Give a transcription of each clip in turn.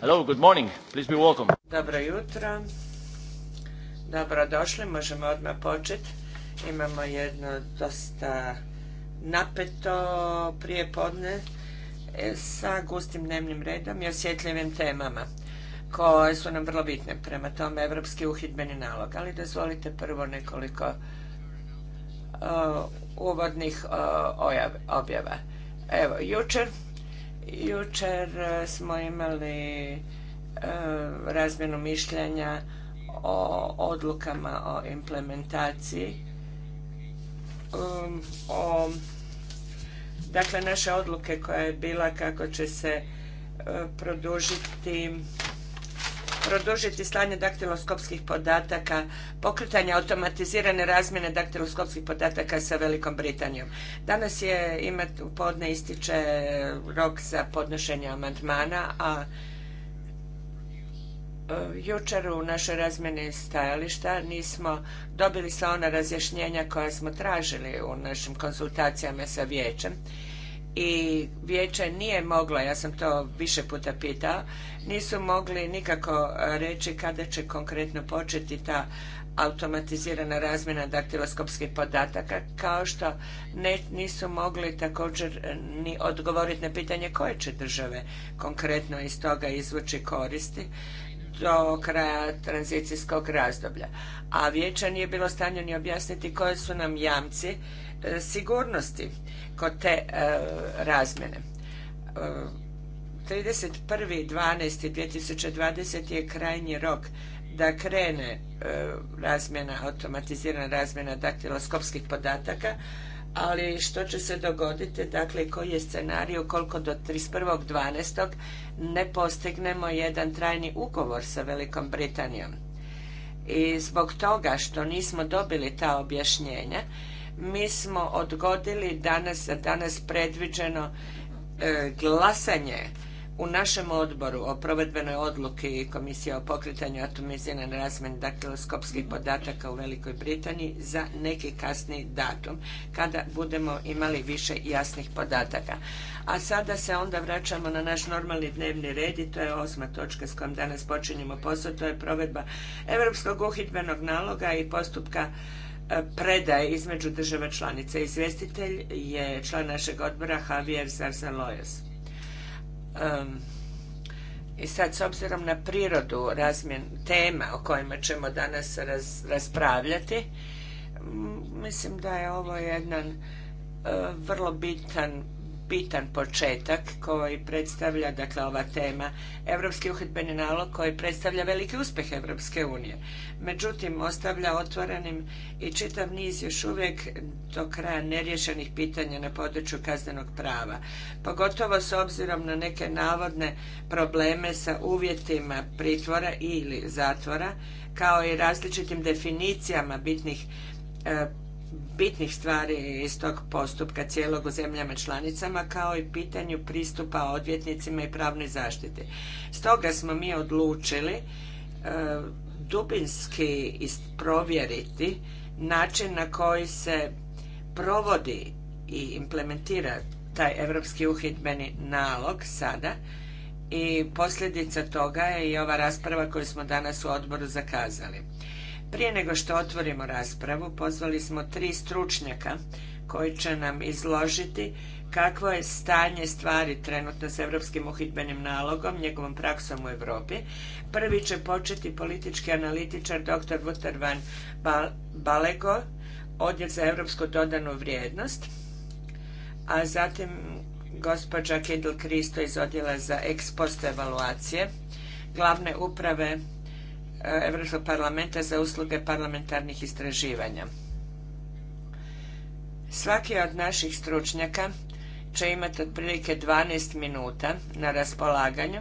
Hello, good morning. Please be welcome. Dobro jutro. Dobrodošli, možemo odmah početi. Imamo jedno dosta napeto podne e, sa gustim dnevnim redom i osjetljivim temama koje su nam vrlo bitne. Prema tome, evropski uhidbeni nalog. Ali dozvolite prvo nekoliko uvodnih e, objava. Evo, jučer, jučer e, smo imali e, razmjenu mišljenja o odlukama o implementaciji um, o dakle naše odluke koja je bila kako će se produžiti produžiti slanje daktiloskopskih podataka, pokretanje automatizirane razmjene daktiloskopskih podataka sa Velikom Britanijom. Danas je imat, u podne ističe rok za podnošenje amandmana, a e, jučer u našoj razmjeni stajališta nismo dobili sva ona razjašnjenja koja smo tražili u našim konzultacijama sa vijećem i vijeće nije moglo, ja sam to više puta pitao, nisu mogli nikako e, reći kada će konkretno početi ta automatizirana razmjena daktiloskopskih podataka, kao što ne, nisu mogli također e, ni odgovoriti na pitanje koje će države konkretno iz toga izvući koristi do kraja tranzicijskog razdoblja. A vijeća nije bilo stanju ni objasniti koje su nam jamci E, sigurnosti kod te e, razmjene. 31.12.2020. E, je krajnji rok da krene razmjena, automatizirana razmjena daktiloskopskih podataka, ali što će se dogoditi, dakle koji je scenarij koliko do 31.12. ne postignemo jedan trajni ugovor sa Velikom Britanijom. I zbog toga što nismo dobili ta objašnjenja, mi smo odgodili danas, danas predviđeno e, glasanje u našem odboru o provedbenoj odluki Komisije o pokretanju atomizirane razmjene daktiloskopskih podataka u Velikoj Britaniji za neki kasni datum, kada budemo imali više jasnih podataka. A sada se onda vraćamo na naš normalni dnevni red i to je osma točka s kojom danas počinjemo posao, to je provedba Europskog uhidbenog naloga i postupka predaje između država članica. Izvjestitelj je član našeg odbora Javier Zarzalojas. I sad, s obzirom na prirodu razmjen tema o kojima ćemo danas raspravljati, mislim da je ovo jedan e, vrlo bitan bitan početak koji predstavlja, dakle ova tema, Europski uhidbeni nalog koji predstavlja veliki uspjeh Europske unije. Međutim, ostavlja otvorenim i čitav niz još uvijek do kraja neriješenih pitanja na području kaznenog prava. Pogotovo s obzirom na neke navodne probleme sa uvjetima pritvora ili zatvora, kao i različitim definicijama bitnih e, bitnih stvari iz tog postupka cijelog u zemljama članicama kao i pitanju pristupa odvjetnicima i pravnoj zaštiti. Stoga smo mi odlučili e, dubinski provjeriti način na koji se provodi i implementira taj europski uhidbeni nalog sada i posljedica toga je i ova rasprava koju smo danas u odboru zakazali. Prije nego što otvorimo raspravu, pozvali smo tri stručnjaka koji će nam izložiti kakvo je stanje stvari trenutno s europskim uhidbenim nalogom, njegovom praksom u Europi. Prvi će početi politički analitičar dr. Vutar van Balego, Odjel za europsku dodanu vrijednost, a zatim gospođa Kedel Kristo iz Odjela za ex post evaluacije, glavne uprave Europskog parlamenta za usluge parlamentarnih istraživanja. Svaki od naših stručnjaka će imati otprilike 12 minuta na raspolaganju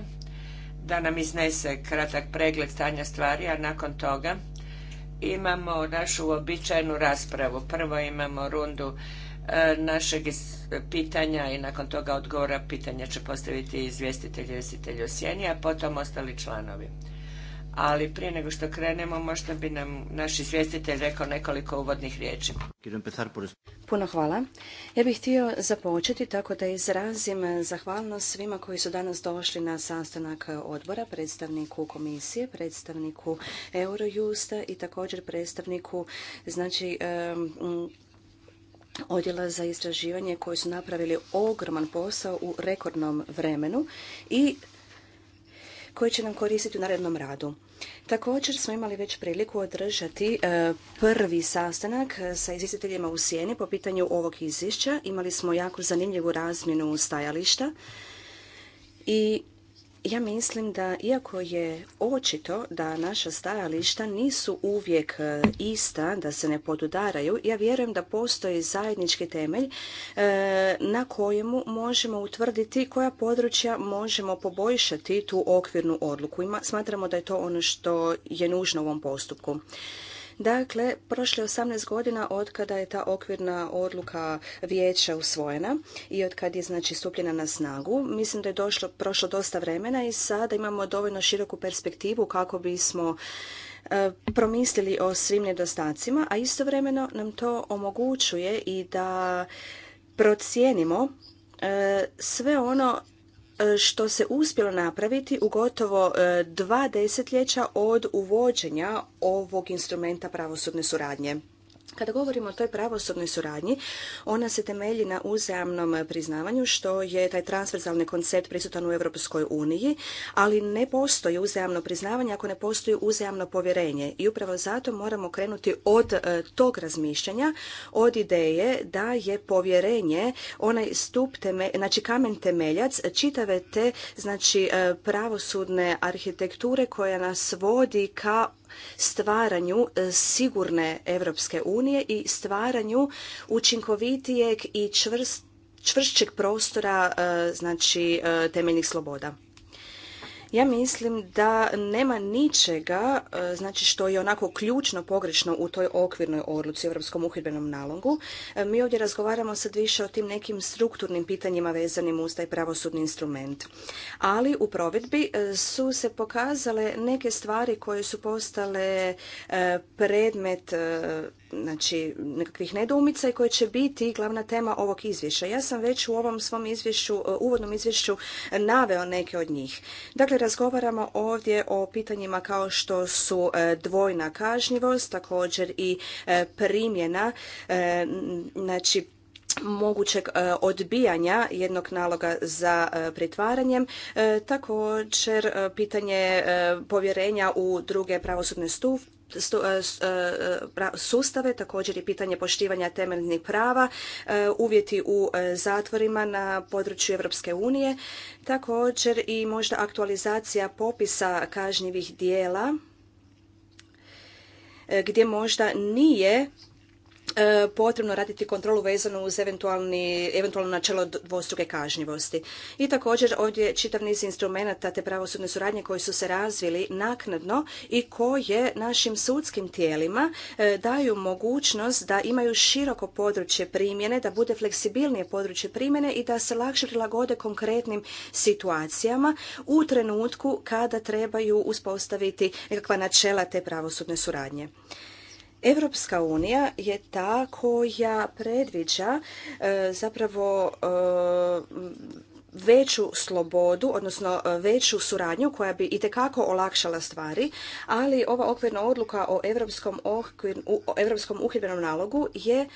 da nam iznese kratak pregled stanja stvari, a nakon toga imamo našu uobičajenu raspravu. Prvo imamo rundu e, našeg pitanja i nakon toga odgovora pitanja će postaviti izvjestitelj, izvjestitelj u sjeni, a potom ostali članovi ali prije nego što krenemo možda bi nam naš izvjestitelj rekao nekoliko uvodnih riječi. Puno hvala. Ja bih htio započeti tako da izrazim zahvalnost svima koji su danas došli na sastanak odbora, predstavniku komisije, predstavniku Eurojusta i također predstavniku znači, odjela za istraživanje koji su napravili ogroman posao u rekordnom vremenu i koje će nam koristiti u narednom radu. Također smo imali već priliku održati e, prvi sastanak e, sa izvjestiteljima u Sijeni po pitanju ovog izvješća. Imali smo jako zanimljivu razmjenu stajališta i ja mislim da iako je očito da naša stajališta nisu uvijek e, ista, da se ne podudaraju, ja vjerujem da postoji zajednički temelj e, na kojemu možemo utvrditi koja područja možemo poboljšati tu okvirnu odluku. smatramo da je to ono što je nužno u ovom postupku. Dakle, prošle 18 godina od kada je ta okvirna odluka vijeća usvojena i od kad je znači stupljena na snagu, mislim da je došlo, prošlo dosta vremena i sada imamo dovoljno široku perspektivu kako bismo e, promislili o svim nedostacima, a istovremeno nam to omogućuje i da procijenimo e, sve ono E, što se uspjelo napraviti u gotovo e, dva desetljeća od uvođenja ovog instrumenta pravosudne suradnje. Kada govorimo o toj pravosudnoj suradnji, ona se temelji na uzajamnom priznavanju što je taj transverzalni koncept prisutan u Europskoj uniji, ali ne postoji uzajamno priznavanje ako ne postoji uzajamno povjerenje i upravo zato moramo krenuti od e, tog razmišljanja, od ideje da je povjerenje onaj stup teme, znači kamen temeljac čitave te znači e, pravosudne arhitekture koja nas vodi ka stvaranju e, sigurne Europske unije i stvaranju učinkovitijeg i čvršćeg prostora e, znači e, temeljnih sloboda. Ja mislim da nema ničega, e, znači što je onako ključno pogrešno u toj okvirnoj odluci Europskom uhidbenom nalogu. E, mi ovdje razgovaramo sad više o tim nekim strukturnim pitanjima vezanim uz taj pravosudni instrument. Ali u provedbi e, su se pokazale neke stvari koje su postale predmet znači, nekakvih nedoumica i koje će biti glavna tema ovog izvješća. Ja sam već u ovom svom izvješću, e, uvodnom izvješću naveo neke od njih. Dakle, razgovaramo ovdje o pitanjima kao što su e, dvojna kažnjivost, također i e, primjena, znači mogućeg odbijanja jednog naloga za pritvaranjem, također pitanje povjerenja u druge pravosudne E, e, sustave, također i pitanje poštivanja temeljnih prava, e, uvjeti u zatvorima na području Europske unije, također i možda aktualizacija popisa kažnjivih dijela gdje možda nije E, potrebno raditi kontrolu vezanu uz eventualno načelo dvostruke kažnjivosti. I također ovdje je čitav niz instrumenata te pravosudne suradnje koji su se razvili naknadno i koje našim sudskim tijelima e, daju mogućnost da imaju široko područje primjene, da bude fleksibilnije područje primjene i da se lakše prilagode konkretnim situacijama u trenutku kada trebaju uspostaviti nekakva načela te pravosudne suradnje. Europska unija je ta koja predviđa e, zapravo e, veću slobodu, odnosno e, veću suradnju koja bi i itekako olakšala stvari, ali ova okvirna odluka o Europskom, uhidbenom nalogu je i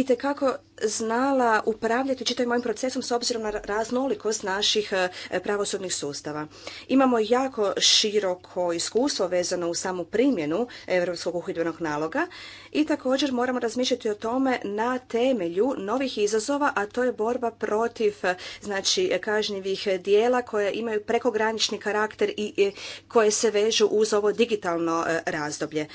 itekako znala upravljati čitavim mojim procesom s obzirom na raznolikost naših e, pravosudnih sustava. Imamo jako široko iskustvo vezano u samu primjenu Europskog uhidbenog naloga i također moramo razmišljati o tome na temelju novih izazova, a to je borba protiv e, znači, kažnjivih dijela koje imaju prekogranični karakter i e, koje se vežu uz ovo digitalno razdoblje.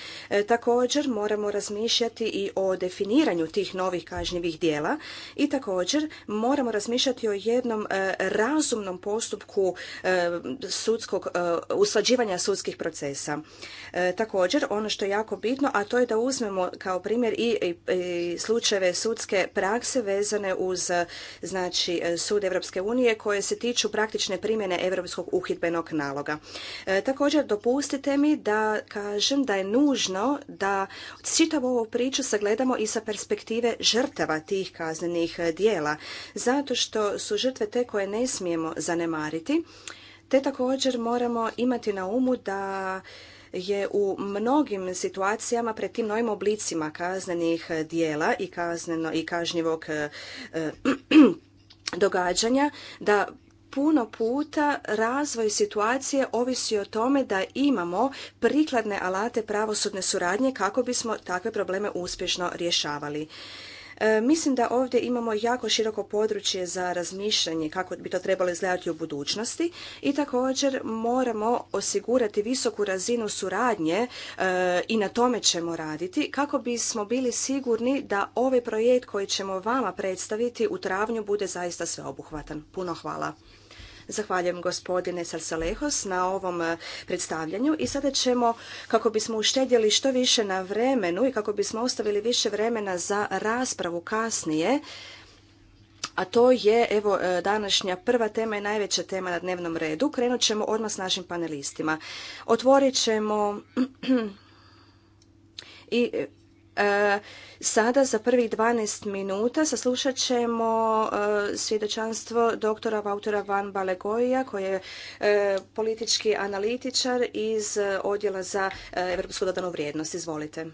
Također moramo razmišljati i o definiranju tih novih kažnjivih dijela tijela i također moramo razmišljati o jednom e, razumnom postupku e, sudskog, e, usklađivanja sudskih procesa. Također, ono što je jako bitno, a to je da uzmemo kao primjer i, slučajeve sudske prakse vezane uz znači, sud Europske unije koje se tiču praktične primjene europskog uhidbenog naloga. također, dopustite mi da kažem da je nužno da čitavu ovu priču sagledamo i sa perspektive žrtava tih kaznenih dijela zato što su žrtve te koje ne smijemo zanemariti te također moramo imati na umu da je u mnogim situacijama pred tim novim oblicima kaznenih dijela i kazneno i kažnjivog e, događanja da puno puta razvoj situacije ovisi o tome da imamo prikladne alate pravosudne suradnje kako bismo takve probleme uspješno rješavali. E, mislim da ovdje imamo jako široko područje za razmišljanje kako bi to trebalo izgledati u budućnosti i također moramo osigurati visoku razinu suradnje e, i na tome ćemo raditi kako bismo bili sigurni da ovaj projekt koji ćemo vama predstaviti u travnju bude zaista sveobuhvatan. Puno hvala. Zahvaljujem gospodine Sarsalehos na ovom e, predstavljanju i sada ćemo, kako bismo uštedjeli što više na vremenu i kako bismo ostavili više vremena za raspravu kasnije, a to je evo e, današnja prva tema i najveća tema na dnevnom redu. Krenut ćemo odmah s našim panelistima. Otvorit ćemo i e, E, sada za prvih 12 minuta saslušat ćemo e, svjedočanstvo doktora Vautora Van Balegoja koji je e, politički analitičar iz Odjela za Europsku dodanu vrijednost. Izvolite.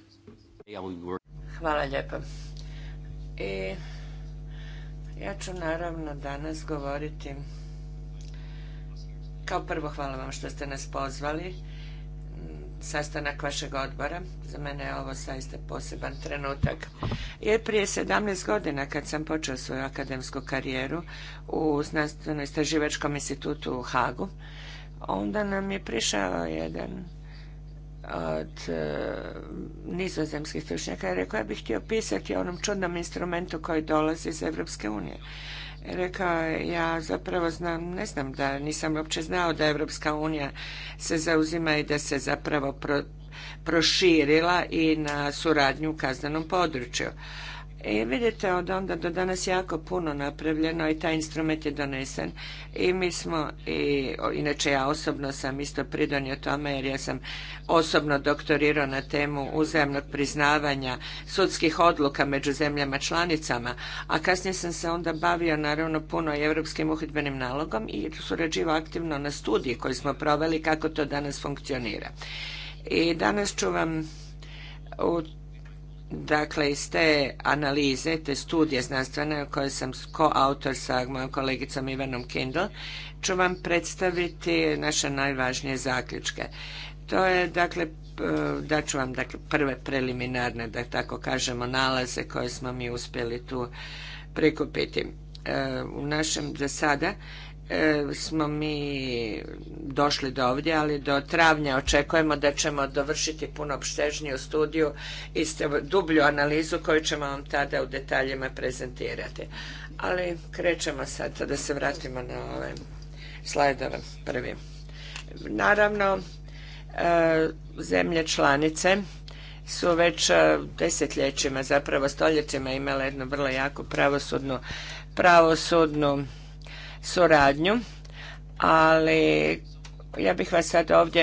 Hvala lijepo. ja ću naravno danas govoriti kao prvo hvala vam što ste nas pozvali sastanak vašeg odbora. Za mene je ovo saista poseban trenutak. Jer prije 17 godina kad sam počeo svoju akademsku karijeru u Znanstveno-istraživačkom institutu u Hagu, onda nam je prišao jedan od e, nizozemskih stručnjaka i rekao ja bih htio pisati o onom čudnom instrumentu koji dolazi iz Europske unije. Rekao je, ja zapravo znam, ne znam da nisam uopće znao da Evropska unija se zauzima i da se zapravo proširila i na suradnju u kaznenom području. I e, vidite od onda do danas jako puno napravljeno i taj instrument je donesen. I mi smo, i, inače ja osobno sam isto pridonio tome jer ja sam osobno doktorirao na temu uzajemnog priznavanja sudskih odluka među zemljama članicama, a kasnije sam se onda bavio naravno puno i europskim uhidbenim nalogom i surađivao aktivno na studiji koji smo proveli kako to danas funkcionira. I danas ću vam u Dakle, iz te analize, te studije znanstvene koje sam koautor sa mojom kolegicom Ivanom Kindle, ću vam predstaviti naše najvažnije zaključke. To je, dakle, da ću vam dakle, prve preliminarne, da tako kažemo, nalaze koje smo mi uspjeli tu prikupiti. E, u našem, za sada, E, smo mi došli do ovdje, ali do travnja očekujemo da ćemo dovršiti puno obštežniju studiju i dublju analizu koju ćemo vam tada u detaljima prezentirati. Ali krećemo sad, da se vratimo na ove slajdove prvi. Naravno, e, zemlje članice su već e, desetljećima, zapravo stoljećima imale jednu vrlo jaku pravosudnu, pravosudnu suradnju, ali ja bih vas sad ovdje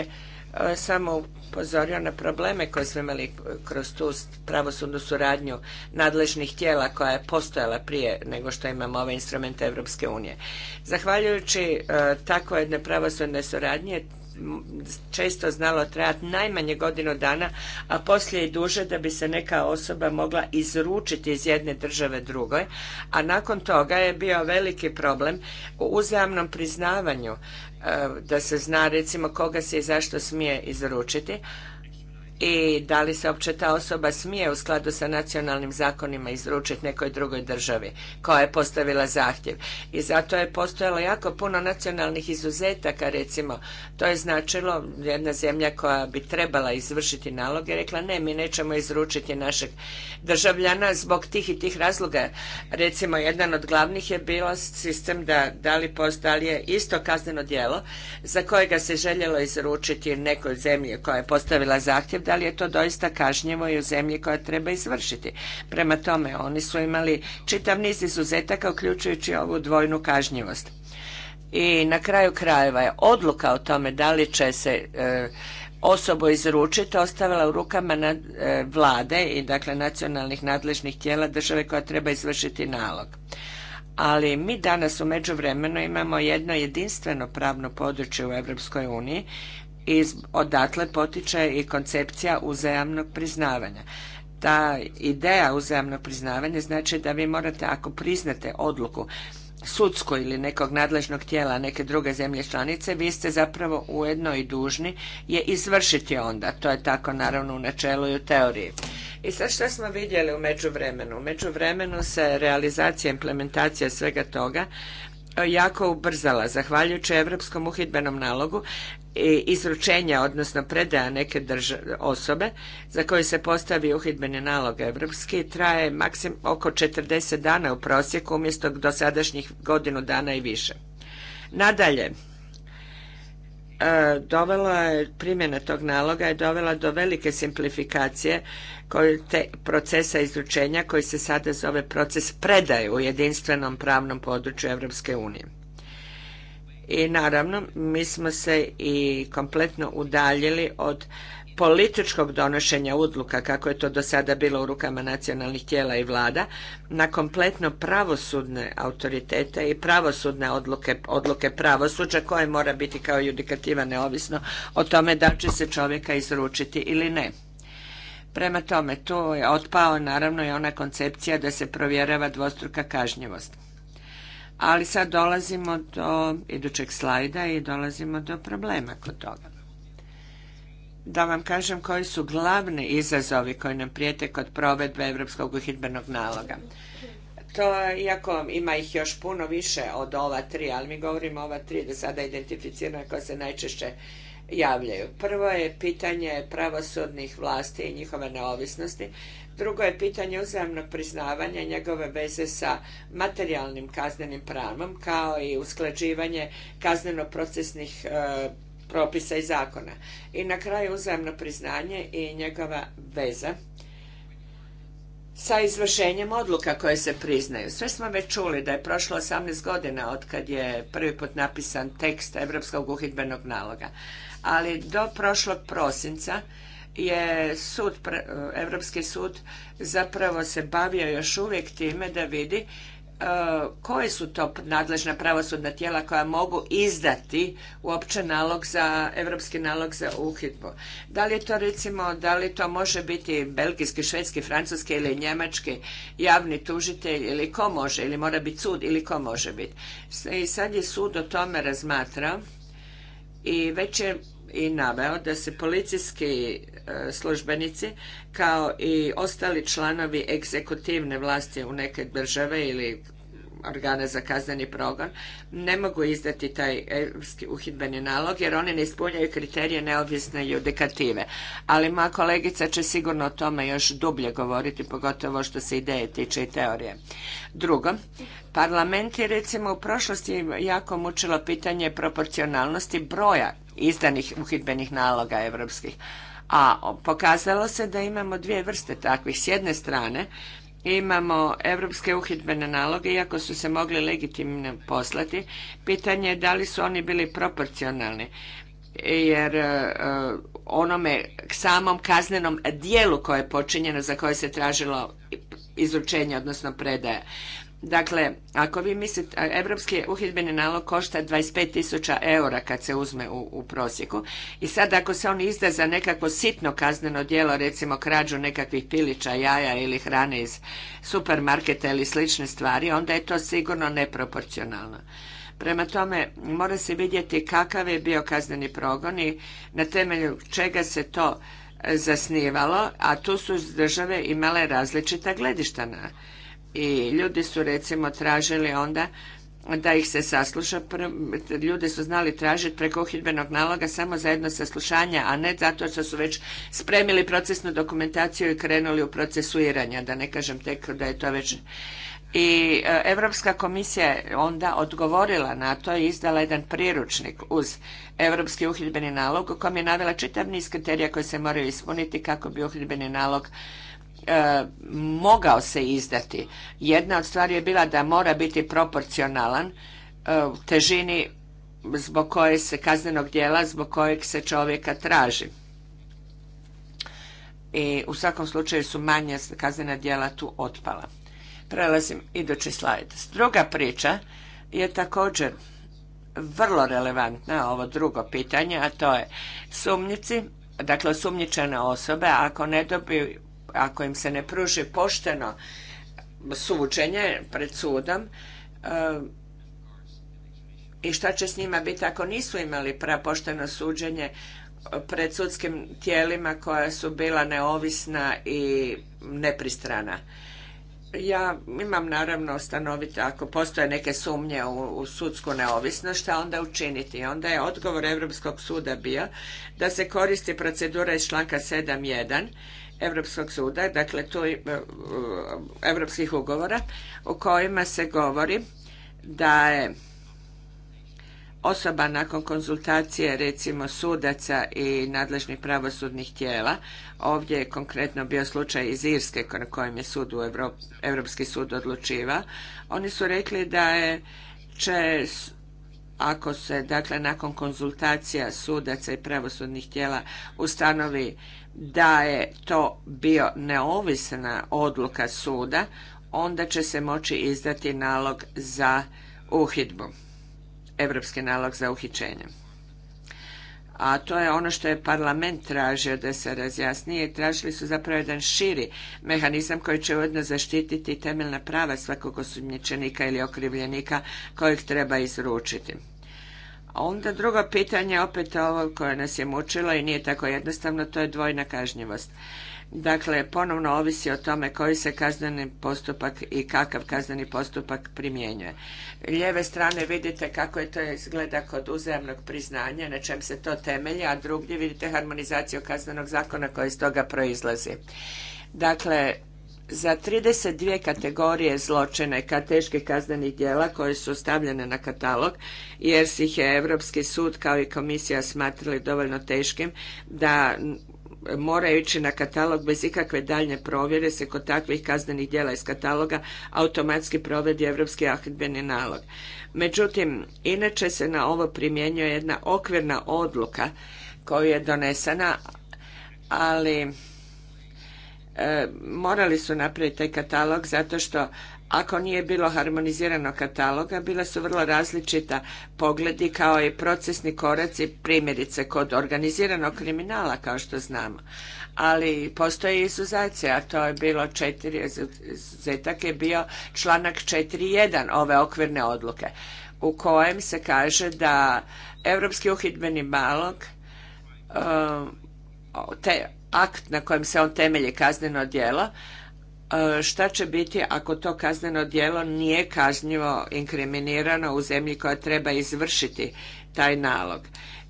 e, samo upozorio na probleme koje smo imali kroz tu pravosudnu suradnju nadležnih tijela koja je postojala prije nego što imamo ove instrumente Europske unije. Zahvaljujući e, takvoj pravosudne suradnje često znalo trajati najmanje godinu dana, a poslije i duže da bi se neka osoba mogla izručiti iz jedne države drugoj, a nakon toga je bio veliki problem u uzajamnom priznavanju e, da se zna recimo koga se i zašto smije izručiti, i da li se uopće ta osoba smije u skladu sa nacionalnim zakonima izručiti nekoj drugoj državi koja je postavila zahtjev. I zato je postojalo jako puno nacionalnih izuzetaka recimo. To je značilo jedna zemlja koja bi trebala izvršiti nalog je rekla ne, mi nećemo izručiti našeg državljana zbog tih i tih razloga. Recimo jedan od glavnih je bilo sistem da da li je isto kazneno djelo za kojega se željelo izručiti nekoj zemlji koja je postavila zahtjev da li je to doista kažnjivo i u zemlji koja treba izvršiti. Prema tome, oni su imali čitav niz izuzetaka, uključujući ovu dvojnu kažnjivost. I na kraju krajeva je odluka o tome da li će se e, osobu izručiti ostavila u rukama e, vlade i dakle nacionalnih nadležnih tijela države koja treba izvršiti nalog. Ali mi danas u međuvremenu imamo jedno jedinstveno pravno područje u Europskoj uniji i odatle potiče i koncepcija uzajamnog priznavanja. Ta ideja uzajamnog priznavanja znači da vi morate, ako priznate odluku sudsku ili nekog nadležnog tijela neke druge zemlje članice, vi ste zapravo ujedno i dužni je izvršiti onda. To je tako naravno u načelu i u teoriji. I sad što smo vidjeli u međuvremenu? U međuvremenu se realizacija, implementacija svega toga e, jako ubrzala, zahvaljujući Europskom uhidbenom nalogu izručenja, odnosno predaja neke osobe za koju se postavi uhidbeni nalog europski traje maksim oko 40 dana u prosjeku umjesto sadašnjih godinu dana i više. Nadalje, e, dovela je, primjena tog naloga je dovela do velike simplifikacije te procesa izručenja koji se sada zove proces predaje u jedinstvenom pravnom području Europske unije. I naravno, mi smo se i kompletno udaljili od političkog donošenja odluka kako je to do sada bilo u rukama nacionalnih tijela i vlada na kompletno pravosudne autoritete i pravosudne odluke, odluke pravosuđa koje mora biti kao judikativa neovisno o tome da će se čovjeka izručiti ili ne. Prema tome, tu je otpao naravno i ona koncepcija da se provjerava dvostruka kažnjivost. Ali sad dolazimo do idućeg slajda i dolazimo do problema kod toga. Da vam kažem koji su glavni izazovi koji nam prijete kod provedbe Europskog uhidbenog naloga. To, iako ima ih još puno više od ova tri, ali mi govorimo ova tri da sada identificiramo koja se najčešće javljaju. Prvo je pitanje pravosudnih vlasti i njihove neovisnosti, Drugo je pitanje uzajamnog priznavanja njegove veze sa materijalnim kaznenim pravom kao i usklađivanje kazneno-procesnih e, propisa i zakona. I na kraju uzajamno priznanje i njegova veza sa izvršenjem odluka koje se priznaju. Sve smo već čuli da je prošlo 18 godina od kad je prvi put napisan tekst Europskog uhidbenog naloga. Ali do prošlog prosinca je sud, Europski eh, sud zapravo se bavio još uvijek time da vidi eh, koje su to nadležna pravosudna tijela koja mogu izdati uopće nalog za, europski nalog za uhidbu. Da li to recimo, da li to može biti belgijski, švedski, francuski ili njemački javni tužitelj ili ko može, ili mora biti sud ili ko može biti. I sad je sud o tome razmatrao i već je i naveo da se policijski e, službenici kao i ostali članovi egzekutivne vlasti u neke države ili organa za kazneni progon ne mogu izdati taj europski uhidbeni nalog jer oni ne ispunjaju kriterije neovisne judikative. Ali moja kolegica će sigurno o tome još dublje govoriti, pogotovo što se ideje tiče i teorije. Drugo, parlament je recimo u prošlosti jako mučilo pitanje proporcionalnosti broja izdanih uhidbenih naloga europskih. A pokazalo se da imamo dvije vrste takvih. S jedne strane imamo europske uhidbene naloge, iako su se mogli legitimno poslati, pitanje je da li su oni bili proporcionalni jer e, onome samom kaznenom dijelu koje je počinjeno za koje se tražilo izručenje, odnosno predaje. Dakle, ako vi mislite, evropski uhidbeni nalog košta 25.000 eura kad se uzme u, u prosjeku i sad ako se on izda za nekako sitno kazneno djelo, recimo krađu nekakvih pilića, jaja ili hrane iz supermarketa ili slične stvari, onda je to sigurno neproporcionalno. Prema tome, mora se vidjeti kakav je bio kazneni progon i na temelju čega se to e, zasnivalo, a tu su države imale različita gledišta na i ljudi su recimo tražili onda da ih se sasluša. Ljudi su znali tražiti preko uhidbenog naloga samo za jedno saslušanje, a ne zato što su već spremili procesnu dokumentaciju i krenuli u procesuiranje, da ne kažem tek da je to već i Europska komisija je onda odgovorila na to i izdala jedan priručnik uz Europski uhidbeni nalog u kojem je navela čitav niz kriterija koje se moraju ispuniti kako bi uhidbeni nalog E, mogao se izdati. Jedna od stvari je bila da mora biti proporcionalan e, težini zbog koje se kaznenog djela, zbog kojeg se čovjeka traži. I u svakom slučaju su manja kaznena djela tu otpala. Prelazim idući slajd. Druga priča je također vrlo relevantna ovo drugo pitanje, a to je sumnjici, dakle osumnjičene osobe, ako ne dobiju ako im se ne pruži pošteno suđenje pred sudom eh, i šta će s njima biti ako nisu imali pošteno suđenje eh, pred sudskim tijelima koja su bila neovisna i nepristrana. Ja imam naravno stanoviti ako postoje neke sumnje u, sudsku neovisnost, šta onda učiniti? Onda je odgovor Europskog suda bio da se koristi procedura iz članka 7.1 Europskog suda, dakle tu europskih ugovora u kojima se govori da je osoba nakon konzultacije recimo sudaca i nadležnih pravosudnih tijela, ovdje je konkretno bio slučaj iz Irske na kojem je sud u Evropski sud odlučiva oni su rekli da je, će ako se dakle nakon konzultacija sudaca i pravosudnih tijela ustanovi da je to bio neovisna odluka suda, onda će se moći izdati nalog za uhidbu, evropski nalog za uhićenje. A to je ono što je parlament tražio da se razjasnije i tražili su zapravo jedan širi mehanizam koji će ujedno zaštititi temeljna prava svakog osumnjičenika ili okrivljenika kojeg treba izručiti. A onda drugo pitanje, opet ovo koje nas je mučilo i nije tako jednostavno, to je dvojna kažnjivost. Dakle, ponovno ovisi o tome koji se kazneni postupak i kakav kazneni postupak primjenjuje. Lijeve strane vidite kako je to izgleda kod uzajamnog priznanja, na čem se to temelji, a drugdje vidite harmonizaciju kaznenog zakona koja iz toga proizlazi. Dakle, za 32 kategorije zločine ka teških kaznenih djela koje su stavljene na katalog jer si ih je Europski sud kao i komisija smatrali dovoljno teškim da moraju ići na katalog bez ikakve daljnje provjere se kod takvih kaznenih djela iz kataloga automatski provodi Europski ahidbeni nalog. Međutim, inače se na ovo primjenjuje jedna okvirna odluka koju je donesena, ali morali su napraviti taj katalog zato što ako nije bilo harmoniziranog kataloga, bila su vrlo različita pogledi kao i procesni koraci, primjerice kod organiziranog kriminala, kao što znamo. Ali postoje izuzacije, a to je bilo četiri, izuzetak je bio članak 4.1 ove okvirne odluke, u kojem se kaže da Europski uhidbeni malog, um, te akt na kojem se on temelji kazneno djelo, e, šta će biti ako to kazneno djelo nije kažnjivo inkriminirano u zemlji koja treba izvršiti taj nalog.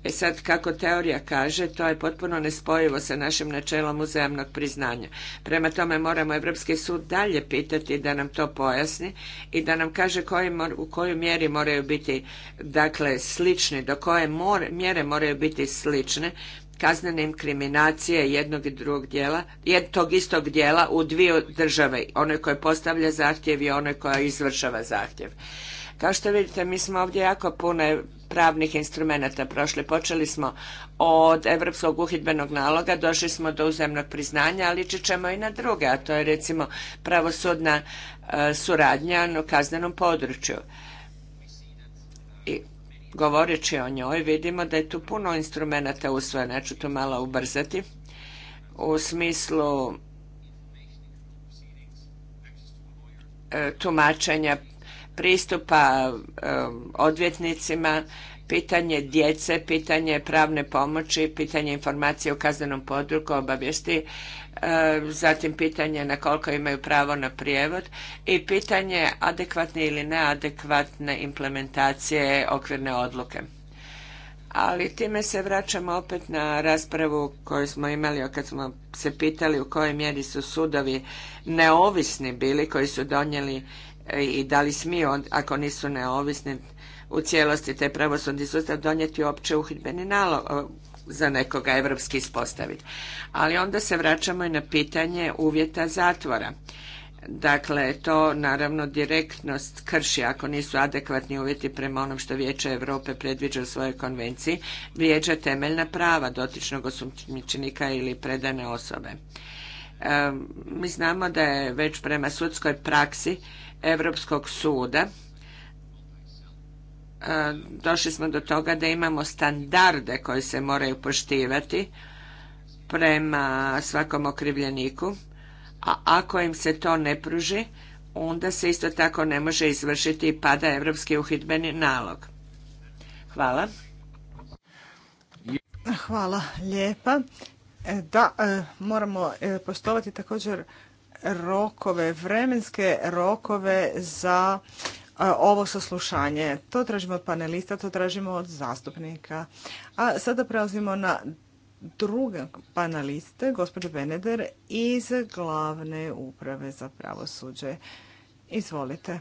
E sad, kako teorija kaže, to je potpuno nespojivo sa našim načelom uzajamnog priznanja. Prema tome moramo Evropski sud dalje pitati da nam to pojasni i da nam kaže koji, u kojoj mjeri moraju biti dakle, slični, do koje mjere moraju biti slične kaznene inkriminacije jednog i drugog dijela, tog istog dijela u dvije države, onoj koja postavlja zahtjev i onoj koja izvršava zahtjev. Kao što vidite, mi smo ovdje jako puno pravnih instrumenata prošli. Počeli smo od Europskog uhidbenog naloga, došli smo do uzemnog priznanja, ali ići ćemo i na druge, a to je recimo pravosudna e, suradnja na kaznenom području govoreći o njoj vidimo da je tu puno instrumenata usvojeno. Ja ću to malo ubrzati. U smislu e, tumačenja pristupa e, odvjetnicima, pitanje djece, pitanje pravne pomoći, pitanje informacije u kaznenom podruku, obavijesti, E, zatim pitanje na koliko imaju pravo na prijevod i pitanje adekvatne ili neadekvatne implementacije okvirne odluke. Ali time se vraćamo opet na raspravu koju smo imali kad smo se pitali u kojoj mjeri su sudovi neovisni bili koji su donijeli e, i da li smiju, ako nisu neovisni, u cijelosti taj pravosudni sustav donijeti uopće uhidbeni nalog, za nekoga evropski ispostaviti. Ali onda se vraćamo i na pitanje uvjeta zatvora. Dakle, to naravno direktnost krši ako nisu adekvatni uvjeti prema onom što Vijeće Europe predviđa u svojoj konvenciji, vrijeđa temeljna prava dotičnog osumnjičenika ili predane osobe. E, mi znamo da je već prema sudskoj praksi Europskog suda E, došli smo do toga da imamo standarde koji se moraju poštivati prema svakom okrivljeniku, a ako im se to ne pruži, onda se isto tako ne može izvršiti i pada evropski uhidbeni nalog. Hvala. Hvala lijepa. E, da, e, moramo poštovati također rokove, vremenske rokove za ovo saslušanje. To tražimo od panelista, to tražimo od zastupnika. A sada prelazimo na druge paneliste, gospođa Beneder iz glavne uprave za pravosuđe. Izvolite.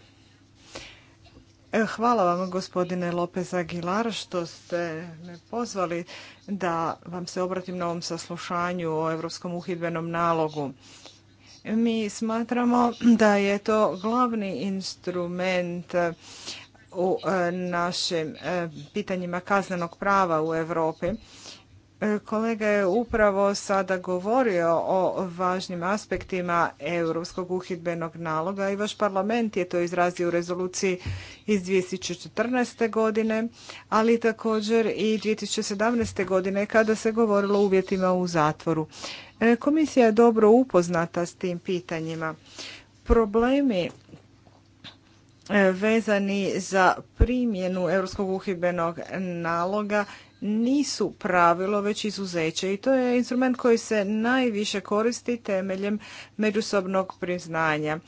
E, hvala vam, gospodine Lopez Aguilar, što ste me pozvali da vam se obratim na ovom saslušanju o Europskom uhidbenom nalogu. Mi smatramo da je to glavni instrument u e, našim e, pitanjima kaznenog prava u Europi E, kolega je upravo sada govorio o važnim aspektima Europskog uhidbenog naloga i vaš parlament je to izrazio u rezoluciji iz 2014. godine, ali također i 2017. godine kada se govorilo o uvjetima u zatvoru. E, komisija je dobro upoznata s tim pitanjima. Problemi e, vezani za primjenu Europskog uhidbenog naloga nisu pravilo već izuzeće i to je instrument koji se najviše koristi temeljem međusobnog priznanja.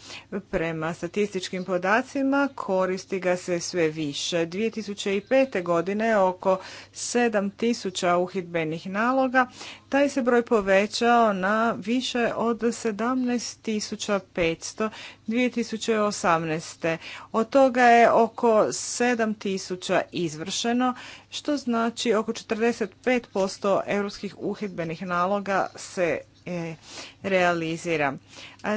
Prema statističkim podacima koristi ga se sve više. 2005. godine oko 7000 uhidbenih naloga taj se broj povećao na više od 17.500 2018. Od toga je oko 7.000 izvršeno, što znači oko 45% europskih uhidbenih naloga se e, realizira.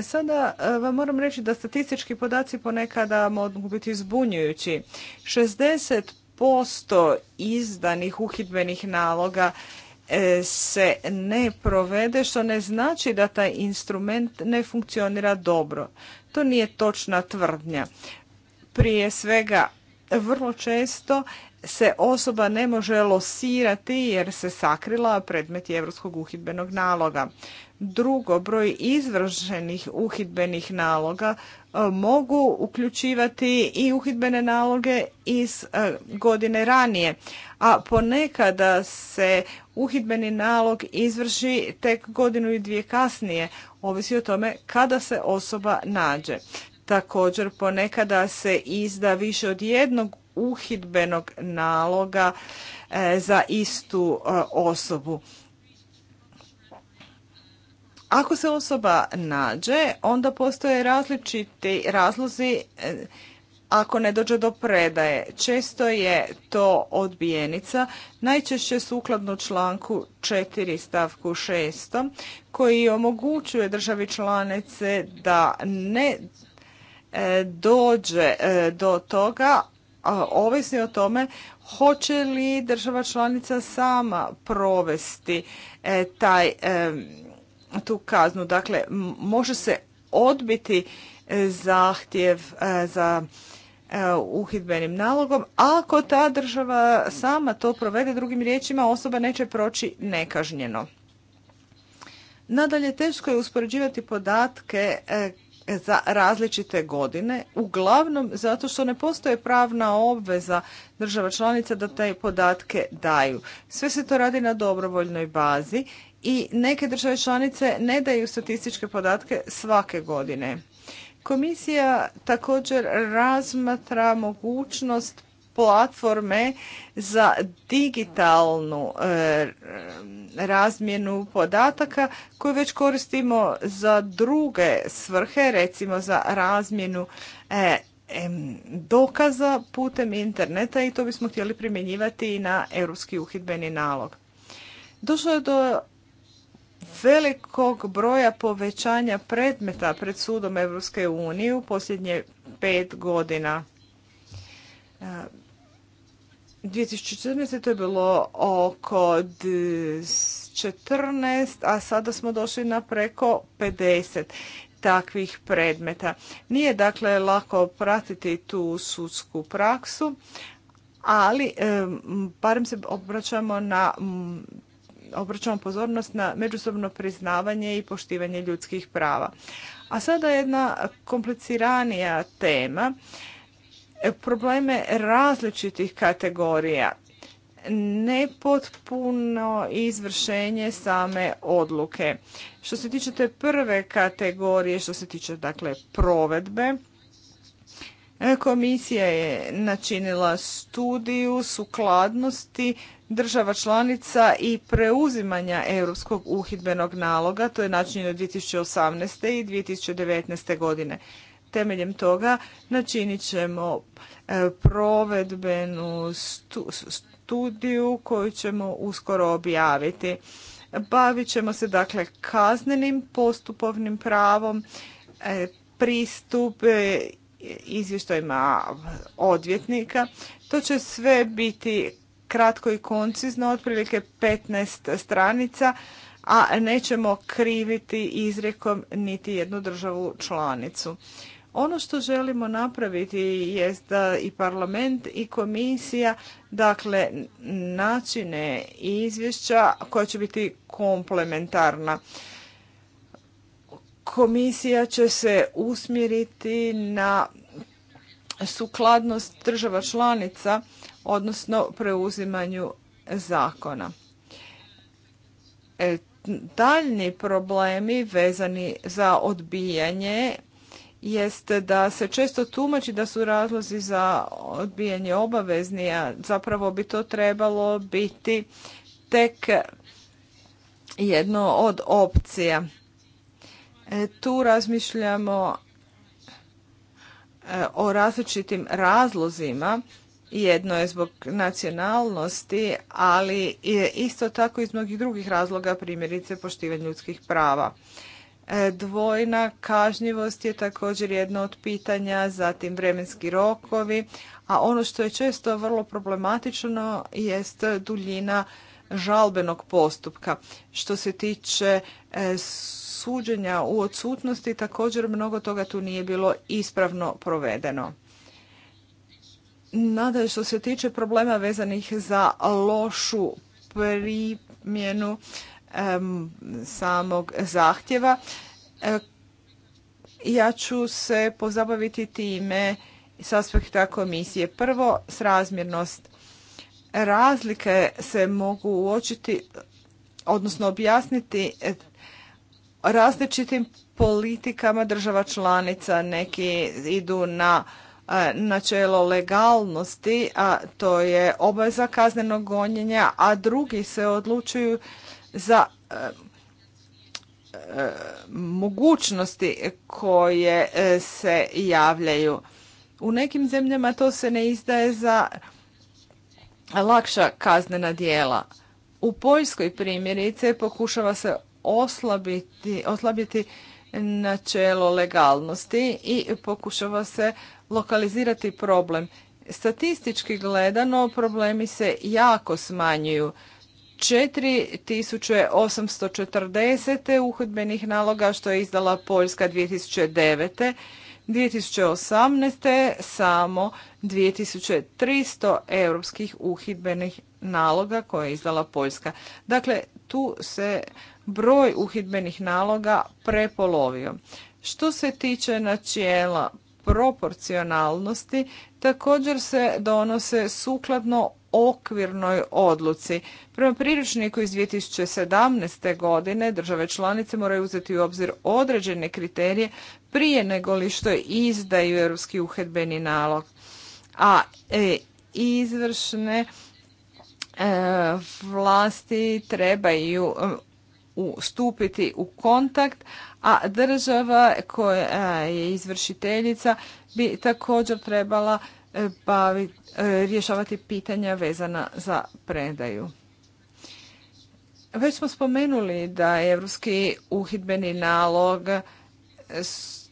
sada e, vam moram reći da statistički podaci ponekada mogu biti zbunjujući. 60% izdanih uhidbenih naloga E, se ne provede, što ne znači da taj instrument ne funkcionira dobro. To nije točna tvrdnja. Prije svega, vrlo često se osoba ne može losirati jer se sakrila predmet Europskog uhidbenog naloga. Drugo, broj izvršenih uhidbenih naloga e, mogu uključivati i uhidbene naloge iz e, godine ranije, a ponekada se uhidbeni nalog izvrši tek godinu i dvije kasnije, ovisi o tome kada se osoba nađe. Također ponekada se izda više od jednog uhidbenog naloga e, za istu e, osobu. Ako se osoba nađe, onda postoje različiti razlozi e, ako ne dođe do predaje. Često je to odbijenica, najčešće sukladno članku 4 stavku 6 koji omogućuje državi članice da ne e, dođe e, do toga, ovisni o tome hoće li država članica sama provesti e, taj tu kaznu. Dakle, može se odbiti zahtjev za E, uhidbenim nalogom, ako ta država sama to provede, drugim riječima osoba neće proći nekažnjeno. Nadalje, teško je uspoređivati podatke e, za različite godine, uglavnom zato što ne postoje pravna obveza država članica da te podatke daju. Sve se to radi na dobrovoljnoj bazi i neke države članice ne daju statističke podatke svake godine. Komisija također razmatra mogućnost platforme za digitalnu e, razmjenu podataka koju već koristimo za druge svrhe, recimo za razmjenu e, dokaza putem interneta i to bismo htjeli primjenjivati i na europski uhidbeni nalog. Došlo je do velikog broja povećanja predmeta pred sudom Europske unije u posljednje pet godina. 2014. E, to je bilo oko 14, a sada smo došli na preko 50 takvih predmeta. Nije dakle lako pratiti tu sudsku praksu, ali barem se obraćamo na obraćamo pozornost na međusobno priznavanje i poštivanje ljudskih prava. A sada jedna kompliciranija tema, probleme različitih kategorija, nepotpuno izvršenje same odluke. Što se tiče te prve kategorije, što se tiče dakle provedbe, Komisija je načinila studiju sukladnosti država članica i preuzimanja europskog uhidbenog naloga, to je načinjeno 2018. i 2019. godine. Temeljem toga načinit ćemo e, provedbenu studiju koju ćemo uskoro objaviti. Bavit ćemo se dakle kaznenim postupovnim pravom, e, pristup e, izvještajima odvjetnika. To će sve biti kratko i koncizno, otprilike 15 stranica, a nećemo kriviti izrekom niti jednu državu članicu. Ono što želimo napraviti jest da i parlament i komisija dakle načine izvješća koja će biti komplementarna. Komisija će se usmjeriti na sukladnost država članica odnosno preuzimanju zakona. E, daljni problemi vezani za odbijanje jest da se često tumači da su razlozi za odbijanje obavezni, a zapravo bi to trebalo biti tek jedno od opcija. E, tu razmišljamo e, o različitim razlozima jedno je zbog nacionalnosti, ali isto tako iz mnogih drugih razloga, primjerice poštivanje ljudskih prava. E, dvojna kažnjivost je također jedno od pitanja, zatim vremenski rokovi, a ono što je često vrlo problematično jest duljina žalbenog postupka. Što se tiče e, suđenja u odsutnosti, također mnogo toga tu nije bilo ispravno provedeno. Nadalje što se tiče problema vezanih za lošu primjenu samog zahtjeva, ja ću se pozabaviti time s aspekta komisije. Prvo, srazmjernost. Razlike se mogu uočiti, odnosno objasniti različitim politikama država članica. Neki idu na načelo legalnosti, a to je obaveza kaznenog gonjenja, a drugi se odlučuju za e, e, mogućnosti koje e, se javljaju. U nekim zemljama to se ne izdaje za lakša kaznena dijela. U Poljskoj primjerice pokušava se oslabiti, oslabiti načelo legalnosti i pokušava se lokalizirati problem. Statistički gledano problemi se jako smanjuju. 4840 uhudbenih naloga što je izdala Poljska 2009. 2018. samo 2300 europskih uhidbenih naloga koje je izdala Poljska. Dakle, tu se broj uhidbenih naloga prepolovio. Što se tiče načela proporcionalnosti također se donose sukladno okvirnoj odluci. Prema priručniku iz 2017. godine države članice moraju uzeti u obzir određene kriterije prije nego li što izdaju europski uhedbeni nalog. A e, izvršne e, vlasti trebaju e, stupiti u kontakt a država koja e, je izvršiteljica bi također trebala e, e, rješavati pitanja vezana za predaju. Već smo spomenuli da je Europski uhidbeni nalog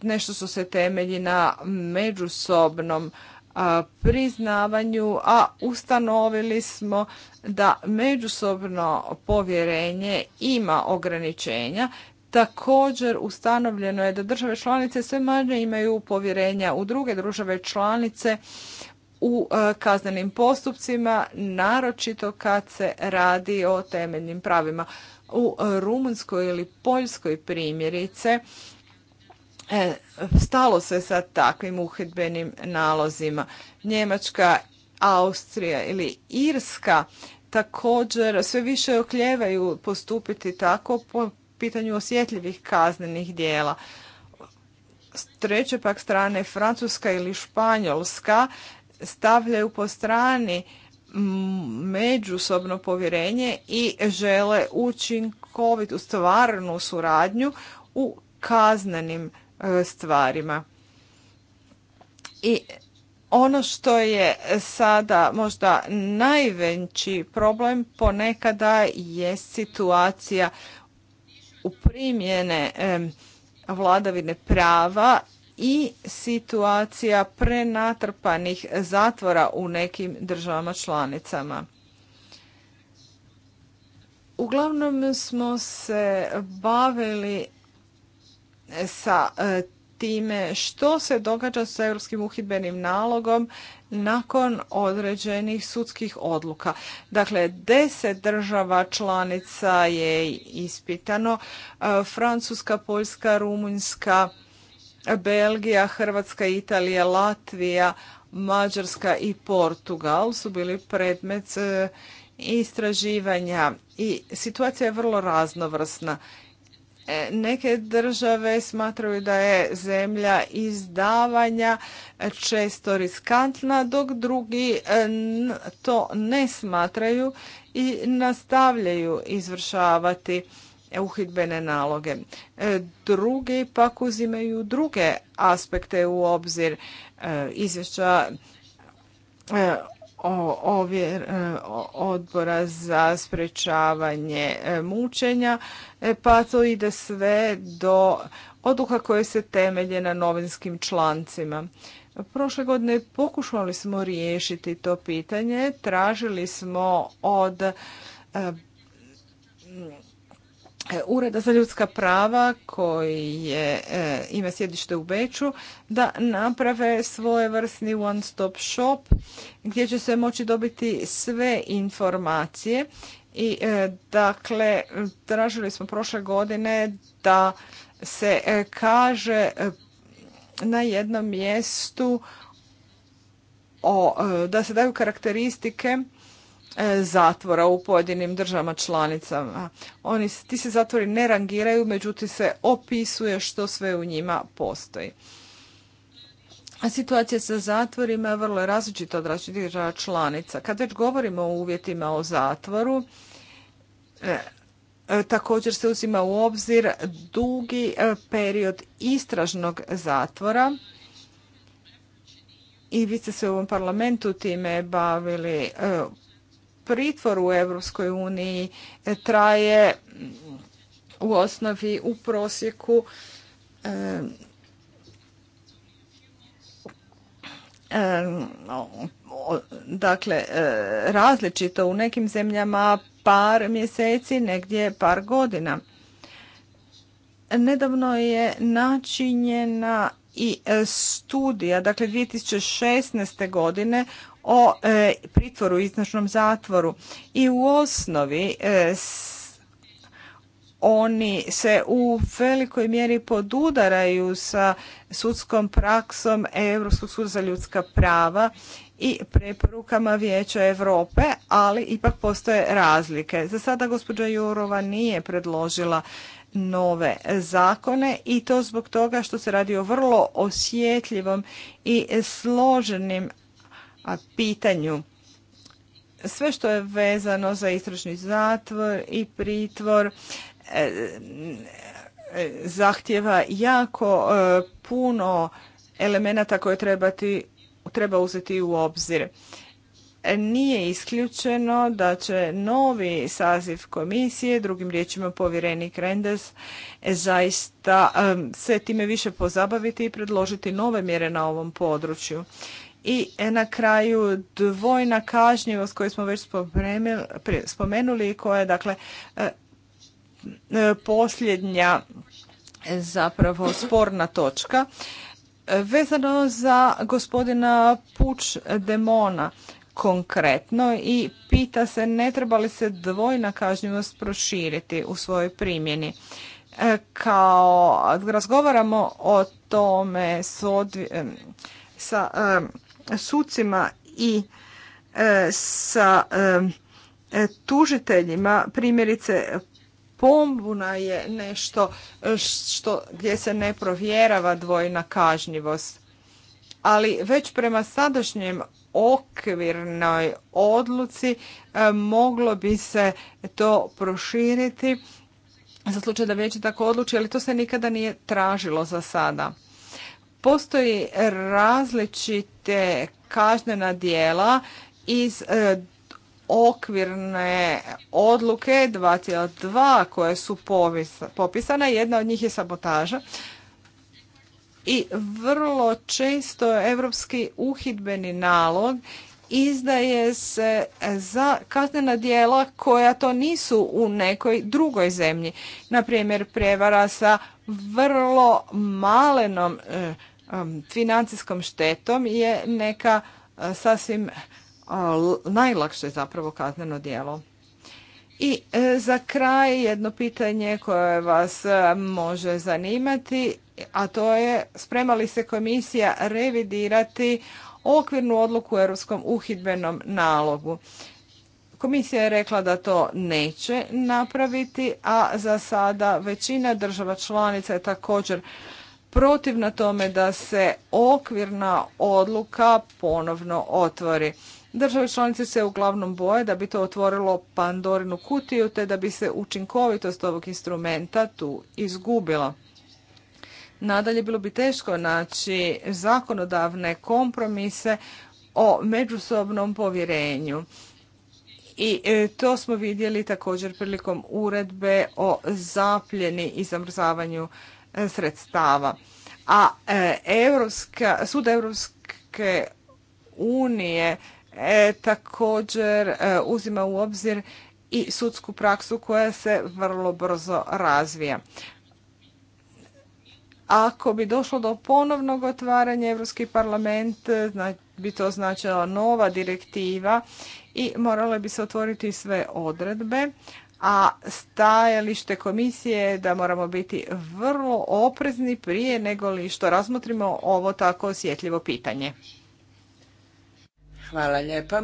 nešto su se temelji na međusobnom priznavanju, a ustanovili smo da međusobno povjerenje ima ograničenja Također ustanovljeno je da države članice sve manje imaju povjerenja u druge države članice u e, kaznenim postupcima, naročito kad se radi o temeljnim pravima. U Rumunskoj ili Poljskoj primjerice e, stalo se sa takvim uhidbenim nalozima. Njemačka, Austrija ili Irska također sve više okljevaju postupiti tako po pitanju osjetljivih kaznenih dijela. S treće pak strane Francuska ili Španjolska stavljaju po strani međusobno povjerenje i žele učinkovitu stvarnu suradnju u kaznenim e, stvarima. I ono što je sada možda najveći problem ponekada je situacija primjene vladavine prava i situacija prenatrpanih zatvora u nekim državama članicama. Uglavnom smo se bavili sa e, time što se događa sa europskim uhidbenim nalogom nakon određenih sudskih odluka. Dakle, deset država članica je ispitano, e, Francuska, Poljska, Rumunjska, Belgija, Hrvatska, Italija, Latvija, Mađarska i Portugal su bili predmet e, istraživanja i situacija je vrlo raznovrsna E, neke države smatraju da je zemlja izdavanja često riskantna, dok drugi e, to ne smatraju i nastavljaju izvršavati uhidbene naloge. E, drugi pak uzimaju druge aspekte u obzir izvješća ovjer, e, odbora za sprečavanje e, mučenja, e, pa to ide sve do odluka koje se temelje na novinskim člancima. Prošle godine pokušali smo riješiti to pitanje, tražili smo od Ureda za ljudska prava koji je, e, ima sjedište u Beču da naprave svojevrsni one stop shop gdje će se moći dobiti sve informacije i e, dakle tražili smo prošle godine da se e, kaže na jednom mjestu o, da se daju karakteristike E, zatvora u pojedinim državama članicama. Oni, ti se zatvori ne rangiraju, međutim se opisuje što sve u njima postoji. A situacija sa zatvorima je vrlo različita od različitih država članica. Kad već govorimo o uvjetima o zatvoru, e, e, također se uzima u obzir dugi period istražnog zatvora i vi ste se u ovom parlamentu time bavili pritvor u Europskoj uniji e, traje u osnovi u prosjeku e, e, dakle različito u nekim zemljama par mjeseci, negdje par godina. Nedavno je načinjena i studija, dakle 2016. godine o e, pritvoru, istražnom zatvoru. I u osnovi e, oni se u velikoj mjeri podudaraju sa sudskom praksom Europskog suda za ljudska prava i preporukama Vijeća Europe, ali ipak postoje razlike. Za sada gospođa Jurova nije predložila nove zakone i to zbog toga što se radi o vrlo osjetljivom i složenim pitanju. Sve što je vezano za istražni zatvor i pritvor e, e, zahtjeva jako e, puno elemenata koje treba uzeti u obzir. Nije isključeno da će novi saziv komisije, drugim riječima povjerenik rendes zaista se time više pozabaviti i predložiti nove mjere na ovom području. I e, na kraju dvojna kažnjivost koju smo već spomenuli i koja je dakle e, e, posljednja zapravo sporna točka vezano za gospodina Puč Demona konkretno i pita se ne treba li se dvojna kažnjivost proširiti u svojoj primjeni. Kao razgovaramo o tome sa sucima i e, sa e, e, tužiteljima, primjerice pombuna je nešto što, gdje se ne provjerava dvojna kažnjivost. Ali već prema sadašnjem okvirnoj odluci moglo bi se to proširiti za slučaj da vijeće tako odluči, ali to se nikada nije tražilo za sada. Postoji različite kaznena dijela iz e, okvirne odluke 2.2 koje su popisana. Jedna od njih je sabotaža. I vrlo često europski uhidbeni nalog izdaje se za kaznena djela koja to nisu u nekoj drugoj zemlji. Na primjer, prevara sa vrlo malenom e, financijskom štetom je neka e, sasvim e, najlakše zapravo kazneno djelo. I za kraj jedno pitanje koje vas može zanimati, a to je sprema li se komisija revidirati okvirnu odluku u Europskom uhidbenom nalogu. Komisija je rekla da to neće napraviti, a za sada većina država članica je također protiv na tome da se okvirna odluka ponovno otvori. Države članice se uglavnom boje da bi to otvorilo Pandorinu kutiju te da bi se učinkovitost ovog instrumenta tu izgubila. Nadalje, bilo bi teško naći zakonodavne kompromise o međusobnom povjerenju. I e, to smo vidjeli također prilikom uredbe o zapljeni i zamrzavanju e, sredstava. A e, sud Europske unije također uzima u obzir i sudsku praksu koja se vrlo brzo razvija. Ako bi došlo do ponovnog otvaranja Europski parlament, eh, bi to značila nova direktiva i morale bi se otvoriti sve odredbe, a stajalište komisije je da moramo biti vrlo oprezni prije nego li što razmotrimo ovo tako osjetljivo pitanje. Hvala lijepa.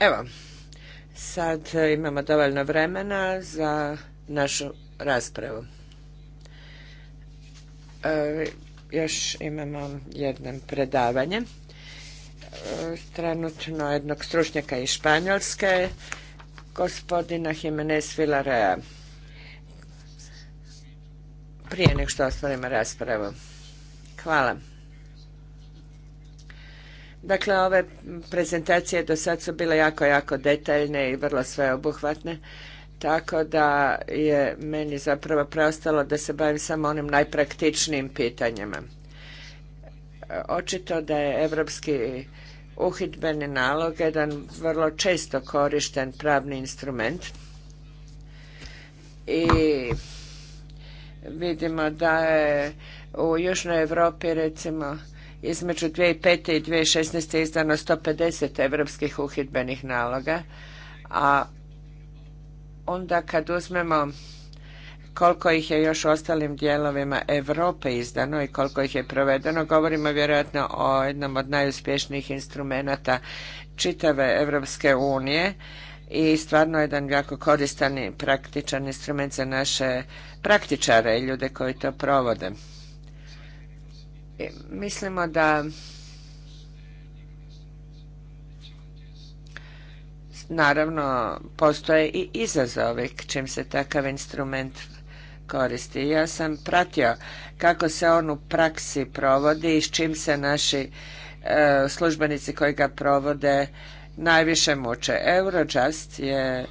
Evo, Sad imamo dovoljno vremena za našu raspravu. E, još imamo jedno predavanje. E, trenutno jednog stručnjaka iz Španjolske, gospodina Jimenez Villarea. Prije nek što ostvarimo raspravu. Hvala. Dakle, ove prezentacije do sad su bile jako, jako detaljne i vrlo sveobuhvatne, tako da je meni zapravo preostalo da se bavim samo onim najpraktičnijim pitanjima. Očito da je evropski uhidbeni nalog jedan vrlo često korišten pravni instrument i vidimo da je u Južnoj Europi recimo između 2005. i 2016. je izdano 150 evropskih uhidbenih naloga, a onda kad uzmemo koliko ih je još u ostalim dijelovima Europe izdano i koliko ih je provedeno, govorimo vjerojatno o jednom od najuspješnijih instrumenata čitave Evropske unije i stvarno jedan jako koristan i praktičan instrument za naše praktičare i ljude koji to provode. Mislimo da naravno postoje i izazovi čim se takav instrument koristi. Ja sam pratio kako se on u praksi provodi i s čim se naši e, službenici koji ga provode najviše muče. Eurojust je e,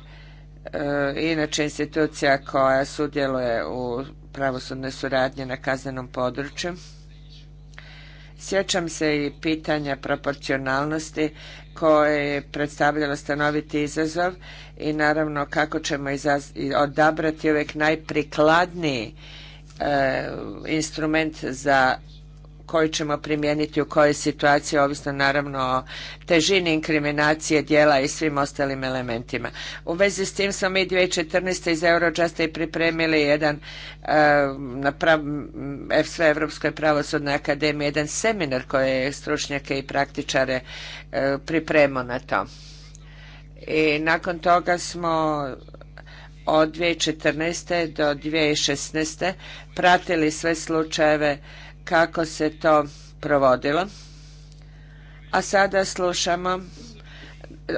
inače institucija koja sudjeluje u pravosudne suradnje na kaznenom području Sjećam se i pitanja proporcionalnosti koje je predstavljalo stanoviti izazov i naravno kako ćemo odabrati uvijek najprikladniji e, instrument za koji ćemo primijeniti u kojoj situaciji, ovisno naravno o težini inkriminacije dijela i svim ostalim elementima. U vezi s tim smo mi 2014. iz Eurojusta i pripremili jedan e, na Evropskoj pravosudnoj akademiji jedan seminar koji je stručnjake i praktičare e, pripremao na to. I nakon toga smo od 2014. do 2016. pratili sve slučajeve kako se to provodilo. A sada slušamo,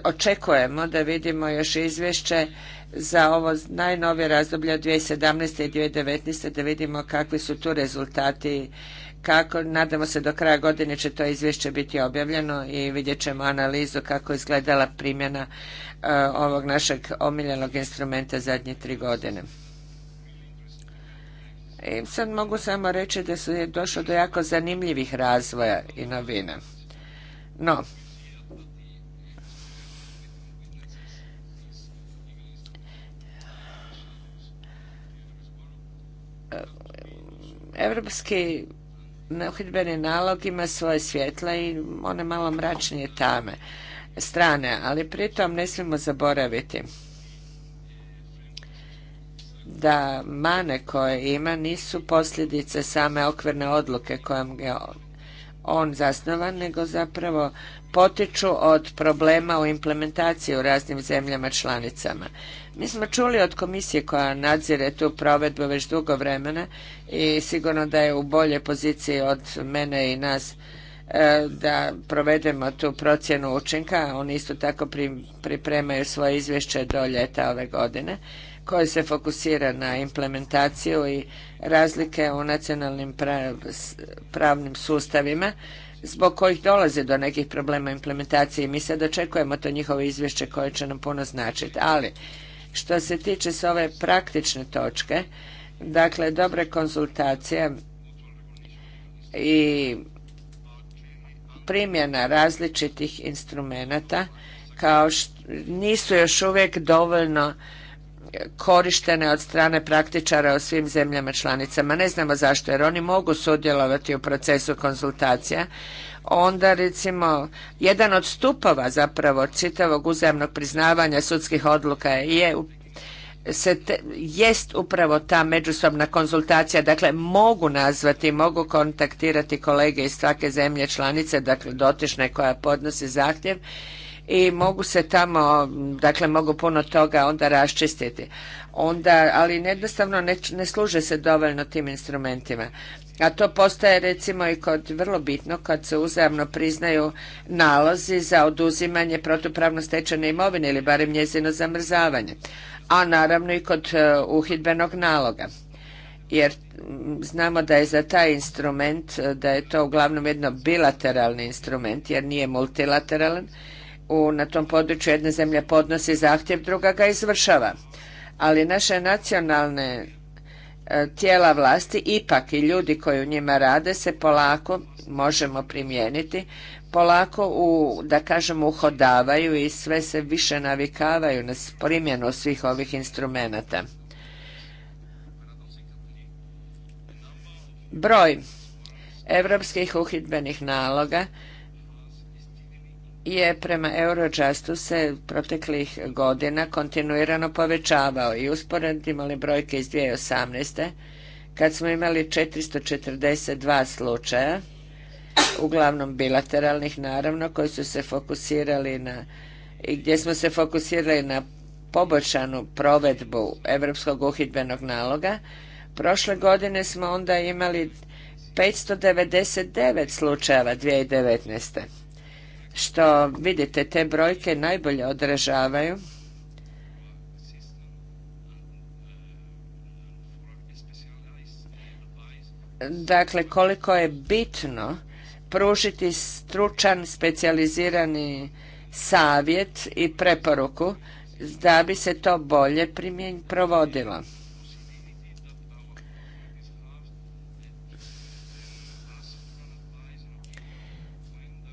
očekujemo da vidimo još izvješće za ovo najnovije razdoblje od 2017. i 2019. da vidimo kakvi su tu rezultati kako, nadamo se do kraja godine će to izvješće biti objavljeno i vidjet ćemo analizu kako je izgledala primjena e, ovog našeg omiljenog instrumenta zadnje tri godine. I sad mogu samo reći da su je došlo do jako zanimljivih razvoja i novina. No, Evropski uhidbeni nalog ima svoje svjetla i one malo mračnije tame strane, ali pritom ne smijemo zaboraviti da mane koje ima nisu posljedice same okvirne odluke kojom je on zasnovan, nego zapravo potiču od problema u implementaciji u raznim zemljama članicama. Mi smo čuli od komisije koja nadzire tu provedbu već dugo vremena i sigurno da je u bolje poziciji od mene i nas e, da provedemo tu procjenu učinka. Oni isto tako pripremaju svoje izvješće do ljeta ove godine koje se fokusira na implementaciju i razlike u nacionalnim pravnim sustavima zbog kojih dolazi do nekih problema implementacije. i Mi sad očekujemo to njihovo izvješće koje će nam puno značiti. Ali, što se tiče s ove praktične točke, dakle, dobre konzultacije i primjena različitih instrumenata kao što nisu još uvijek dovoljno korištene od strane praktičara u svim zemljama članicama. Ne znamo zašto, jer oni mogu sudjelovati u procesu konzultacija. Onda recimo, jedan od stupova zapravo čitavog uzajamnog priznavanja sudskih odluka je se jest upravo ta međusobna konzultacija, dakle mogu nazvati, mogu kontaktirati kolege iz svake zemlje članice, dakle dotične koja podnosi zahtjev i mogu se tamo, dakle mogu puno toga onda raščistiti. Onda, ali jednostavno ne, služe se dovoljno tim instrumentima. A to postaje recimo i kod vrlo bitno kad se uzajamno priznaju nalozi za oduzimanje protupravno stečene imovine ili barem njezino zamrzavanje. A naravno i kod e, uhidbenog naloga jer znamo da je za taj instrument, e, da je to uglavnom jedno bilateralni instrument jer nije multilateralan u, na tom području jedna zemlja podnosi zahtjev, druga ga izvršava. Ali naše nacionalne e, tijela vlasti, ipak i ljudi koji u njima rade, se polako možemo primijeniti, polako, u, da kažem, uhodavaju i sve se više navikavaju na primjenu svih ovih instrumenata. Broj evropskih uhidbenih naloga je prema Eurojustu se proteklih godina kontinuirano povećavao i usporedimo li brojke iz 2018. kad smo imali 442 slučaja, uglavnom bilateralnih naravno, koji su se fokusirali na i gdje smo se fokusirali na poboljšanu provedbu Europskog uhidbenog naloga, prošle godine smo onda imali 599 slučajeva 2019 što vidite te brojke najbolje odražavaju dakle koliko je bitno pružiti stručan specijalizirani savjet i preporuku da bi se to bolje provodilo.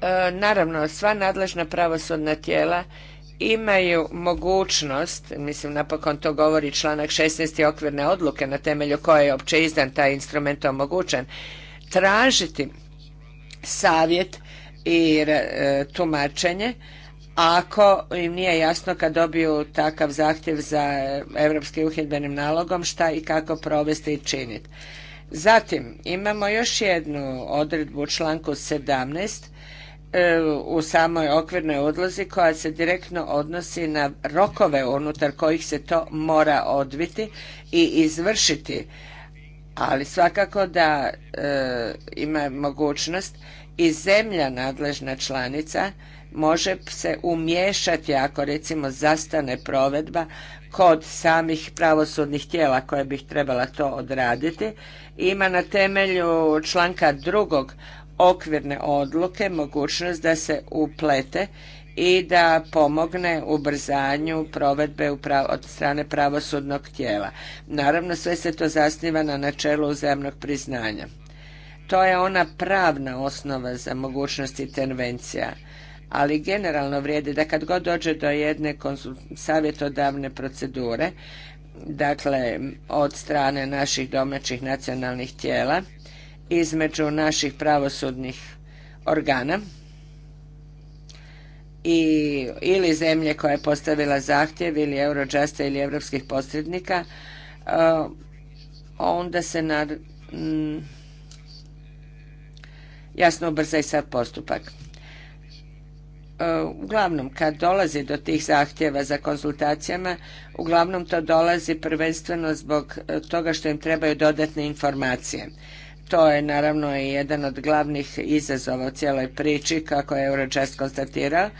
E, naravno sva nadležna pravosudna tijela imaju mogućnost, mislim napokon to govori članak 16. okvirne odluke na temelju koje je opće izdan taj instrument omogućen, tražiti savjet i e, tumačenje ako im nije jasno kad dobiju takav zahtjev za europskim uhidbenim nalogom šta i kako provesti i činiti. Zatim imamo još jednu odredbu u članku 17 E, u samoj okvirnoj odlozi koja se direktno odnosi na rokove unutar kojih se to mora odviti i izvršiti. Ali svakako da e, ima mogućnost i zemlja nadležna članica može se umiješati ako recimo zastane provedba kod samih pravosudnih tijela koje bi trebala to odraditi. Ima na temelju članka drugog okvirne odluke mogućnost da se uplete i da pomogne ubrzanju provedbe od strane pravosudnog tijela. Naravno, sve se to zasniva na načelu uzajamnog priznanja. To je ona pravna osnova za mogućnost intervencija, ali generalno vrijedi da kad god dođe do jedne savjetodavne procedure, dakle od strane naših domaćih nacionalnih tijela, između naših pravosudnih organa i ili zemlje koja je postavila zahtjev ili Eurojusta ili europskih posrednika e, onda se na, jasno ubrza i sad postupak. E, uglavnom, kad dolazi do tih zahtjeva za konzultacijama, uglavnom to dolazi prvenstveno zbog e, toga što im trebaju dodatne informacije to je naravno i jedan od glavnih izazova u cijeloj priči kako je Eurojust konstatirao,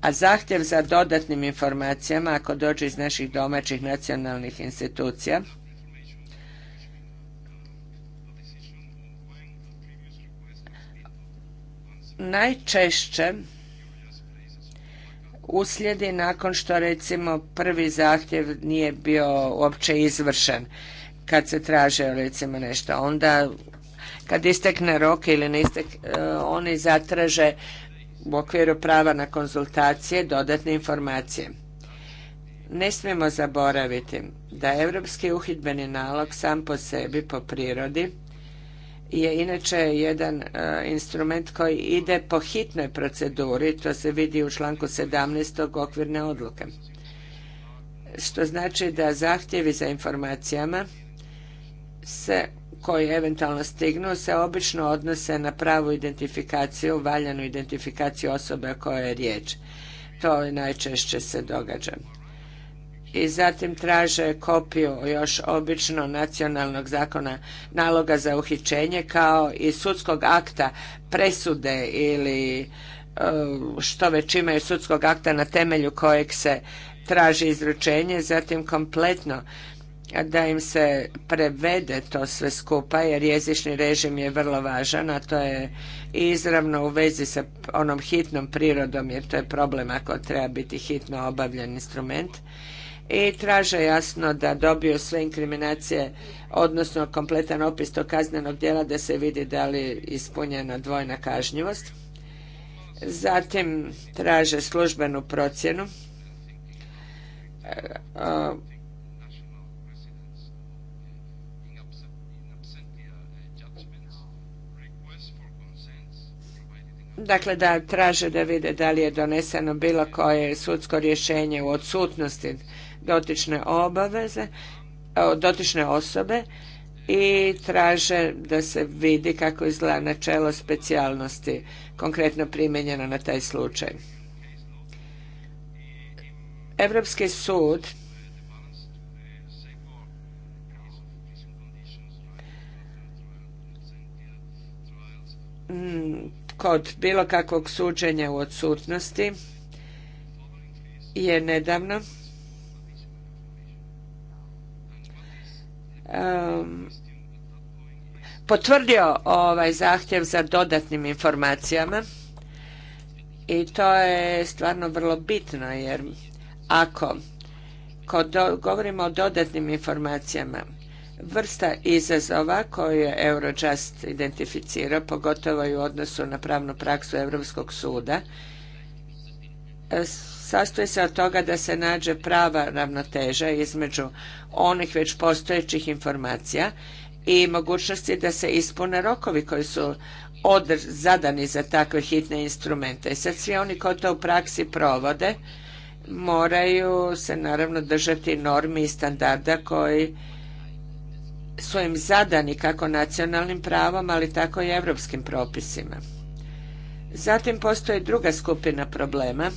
a zahtjev za dodatnim informacijama ako dođe iz naših domaćih nacionalnih institucija najčešće uslijedi nakon što recimo prvi zahtjev nije bio uopće izvršen kad se traže recimo nešto onda kad istekne rok ili ne istekne, oni zatraže u okviru prava na konzultacije dodatne informacije. Ne smijemo zaboraviti da Europski uhidbeni nalog sam po sebi, po prirodi, je inače jedan e, instrument koji ide po hitnoj proceduri, to se vidi u članku 17. okvirne odluke. Što znači da zahtjevi za informacijama se koji eventualno stignu se obično odnose na pravu identifikaciju, valjanu identifikaciju osobe o kojoj je riječ. To najčešće se događa. I zatim traže kopiju još obično nacionalnog zakona naloga za uhićenje kao i sudskog akta presude ili e, što već imaju sudskog akta na temelju kojeg se traži izručenje, zatim kompletno da im se prevede to sve skupa jer jezični režim je vrlo važan, a to je izravno u vezi sa onom hitnom prirodom jer to je problem ako treba biti hitno obavljen instrument i traže jasno da dobiju sve inkriminacije, odnosno kompletan opis tog kaznenog djela da se vidi da li je ispunjena dvojna kažnjivost. Zatim traže službenu procjenu e, dakle da traže da vide da li je doneseno bilo koje sudsko rješenje u odsutnosti dotične obaveze, dotične osobe i traže da se vidi kako izgleda načelo specijalnosti konkretno primijenjeno na taj slučaj. Europski sud kod bilo kakvog suđenja u odsutnosti je nedavno um, potvrdio ovaj zahtjev za dodatnim informacijama i to je stvarno vrlo bitno jer ako govorimo o dodatnim informacijama vrsta izazova koje je Eurojust identificirao, pogotovo i u odnosu na pravnu praksu Europskog suda, sastoji se od toga da se nađe prava ravnoteža između onih već postojećih informacija i mogućnosti da se ispune rokovi koji su zadani za takve hitne instrumente. I sad svi oni koji to u praksi provode moraju se naravno držati normi i standarda koji su im zadani kako nacionalnim pravom, ali tako i europskim propisima. Zatim postoji druga skupina problema.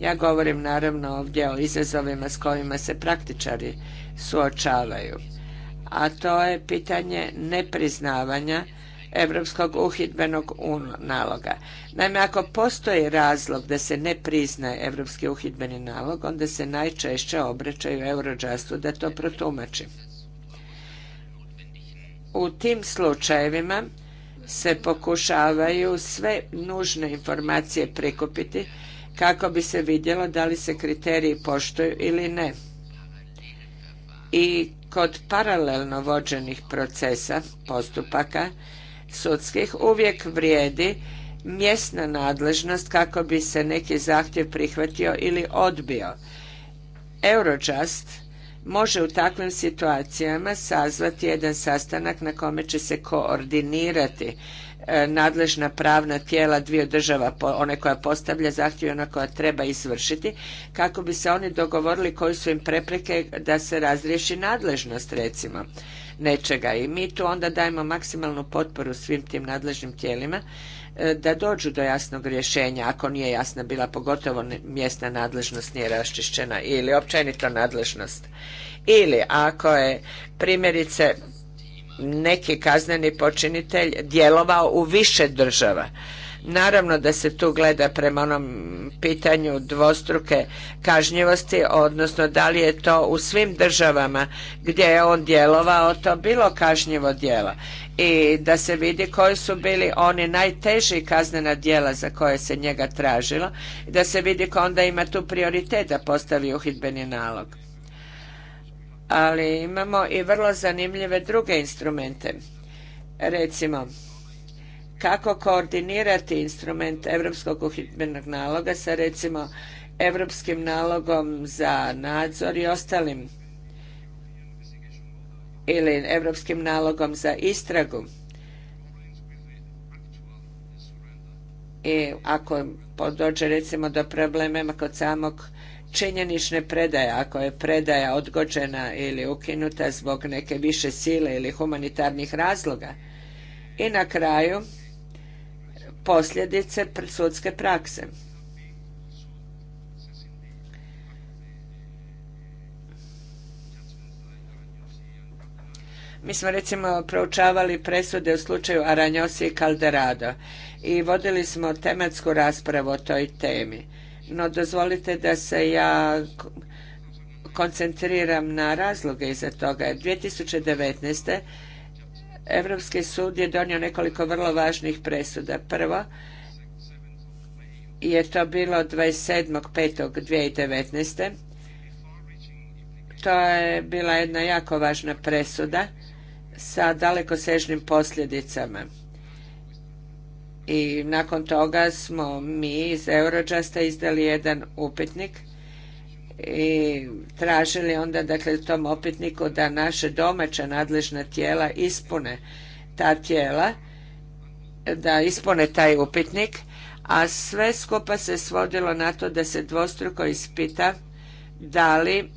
Ja govorim naravno ovdje o izazovima s kojima se praktičari suočavaju, a to je pitanje nepriznavanja Europskog uhidbenog naloga. Naime, ako postoji razlog da se ne priznaje Europski uhidbeni nalog, onda se najčešće obraćaju Eurojustu da to protumači. U tim slučajevima se pokušavaju sve nužne informacije prikupiti kako bi se vidjelo da li se kriteriji poštuju ili ne. I kod paralelno vođenih procesa, postupaka, sudskih uvijek vrijedi mjesna nadležnost kako bi se neki zahtjev prihvatio ili odbio. Eurojust može u takvim situacijama sazvati jedan sastanak na kome će se koordinirati E, nadležna pravna tijela dviju država, one koja postavlja zahtjev i ona koja treba izvršiti, kako bi se oni dogovorili koji su im prepreke da se razriješi nadležnost recimo nečega. I mi tu onda dajemo maksimalnu potporu svim tim nadležnim tijelima e, da dođu do jasnog rješenja ako nije jasna bila pogotovo mjesna nadležnost nije raščišćena ili općenito nadležnost. Ili ako je primjerice neki kazneni počinitelj djelovao u više država. Naravno da se tu gleda prema onom pitanju dvostruke kažnjivosti, odnosno da li je to u svim državama gdje je on djelovao to bilo kažnjivo djelo i da se vidi koji su bili oni najteži kaznena djela za koje se njega tražilo i da se vidi ko onda ima tu prioritet da postavi uhidbeni nalog ali imamo i vrlo zanimljive druge instrumente. Recimo, kako koordinirati instrument Europskog uhidbenog naloga sa recimo Europskim nalogom za nadzor i ostalim ili Europskim nalogom za istragu. I ako dođe recimo do problema kod samog činjenične predaje, ako je predaja odgođena ili ukinuta zbog neke više sile ili humanitarnih razloga. I na kraju posljedice sudske prakse. Mi smo recimo proučavali presude u slučaju Aranjosi i Calderado i vodili smo tematsku raspravu o toj temi. No dozvolite da se ja koncentriram na razloge iza toga. 2019. Europski sud je donio nekoliko vrlo važnih presuda. Prvo je to bilo 27.5.2019. To je bila jedna jako važna presuda sa dalekosežnim posljedicama i nakon toga smo mi iz Eurojusta izdali jedan upitnik i tražili onda dakle tom upitniku da naše domaće nadležna tijela ispune ta tijela da ispune taj upitnik a sve skupa se svodilo na to da se dvostruko ispita da li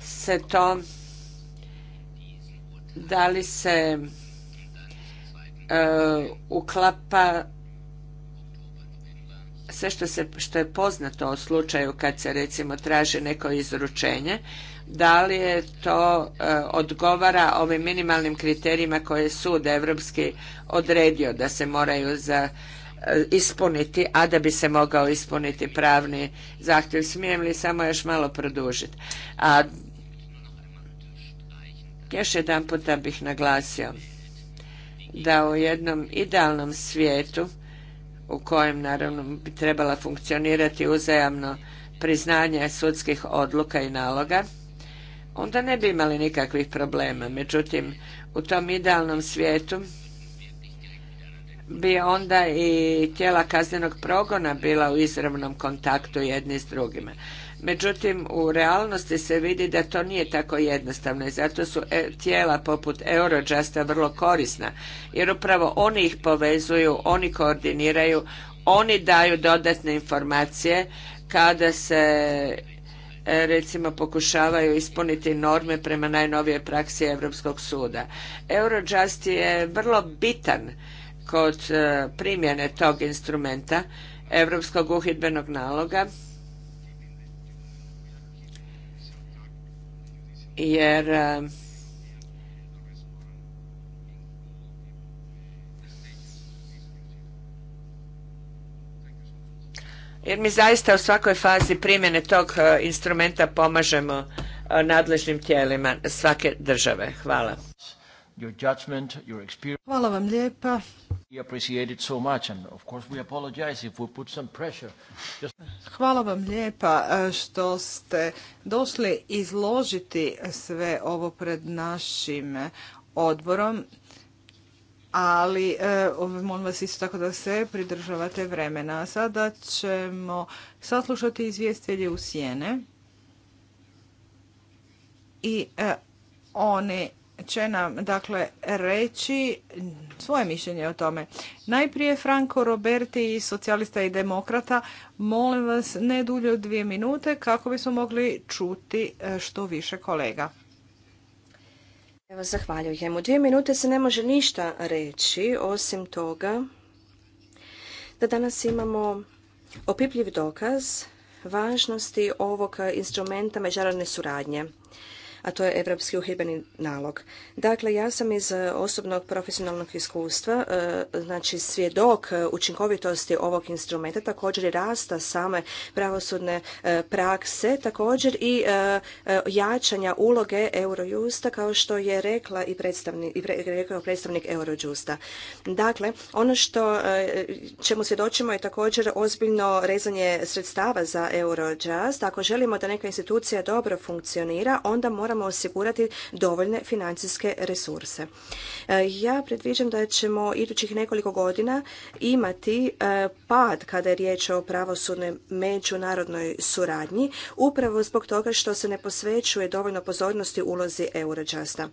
se to da li se Uh, uklapa sve što, se, što je poznato o slučaju kad se recimo traži neko izručenje, da li je to uh, odgovara ovim minimalnim kriterijima koje je sud evropski odredio da se moraju za uh, ispuniti, a da bi se mogao ispuniti pravni zahtjev. Smijem li samo još malo produžiti? A još jedan puta bih naglasio da u jednom idealnom svijetu u kojem naravno bi trebala funkcionirati uzajamno priznanje sudskih odluka i naloga, onda ne bi imali nikakvih problema. Međutim, u tom idealnom svijetu bi onda i tijela kaznenog progona bila u izravnom kontaktu jedni s drugima. Međutim, u realnosti se vidi da to nije tako jednostavno i zato su e, tijela poput Eurojusta vrlo korisna, jer upravo oni ih povezuju, oni koordiniraju, oni daju dodatne informacije kada se e, recimo pokušavaju ispuniti norme prema najnovijoj praksi Europskog suda. Eurojust je vrlo bitan kod e, primjene tog instrumenta Europskog uhidbenog naloga jer e, jer mi zaista u svakoj fazi primjene tog e, instrumenta pomažemo e, nadležnim tijelima svake države. Hvala. Hvala vam lijepa Hvala vam lijepa e, što ste došli izložiti sve ovo pred našim odborom, ali e, molim vas isto tako da se pridržavate vremena. Sada ćemo saslušati izvjestitelje u sjene i e, oni će nam dakle reći svoje mišljenje o tome. Najprije Franco Roberti socijalista i demokrata, molim vas ne dulje od dvije minute kako bismo mogli čuti e, što više kolega. Evo, zahvaljujem. U dvije minute se ne može ništa reći, osim toga da danas imamo opipljiv dokaz važnosti ovog instrumenta međunarodne suradnje a to je Europski uhidbeni nalog. Dakle, ja sam iz e, osobnog profesionalnog iskustva, e, znači svjedok e, učinkovitosti ovog instrumenta, također i rasta same pravosudne prakse, također i jačanja uloge Eurojusta, kao što je rekla i predstavnik, rekao predstavnik Eurojusta. Dakle, ono što čemu svjedočimo je također ozbiljno rezanje sredstava za Eurojust. Ako želimo da neka institucija dobro funkcionira, onda mora moramo osigurati dovoljne financijske resurse. E, ja predviđam da ćemo idućih nekoliko godina imati e, pad kada je riječ o pravosudnoj međunarodnoj suradnji, upravo zbog toga što se ne posvećuje dovoljno pozornosti ulozi Eurojusta.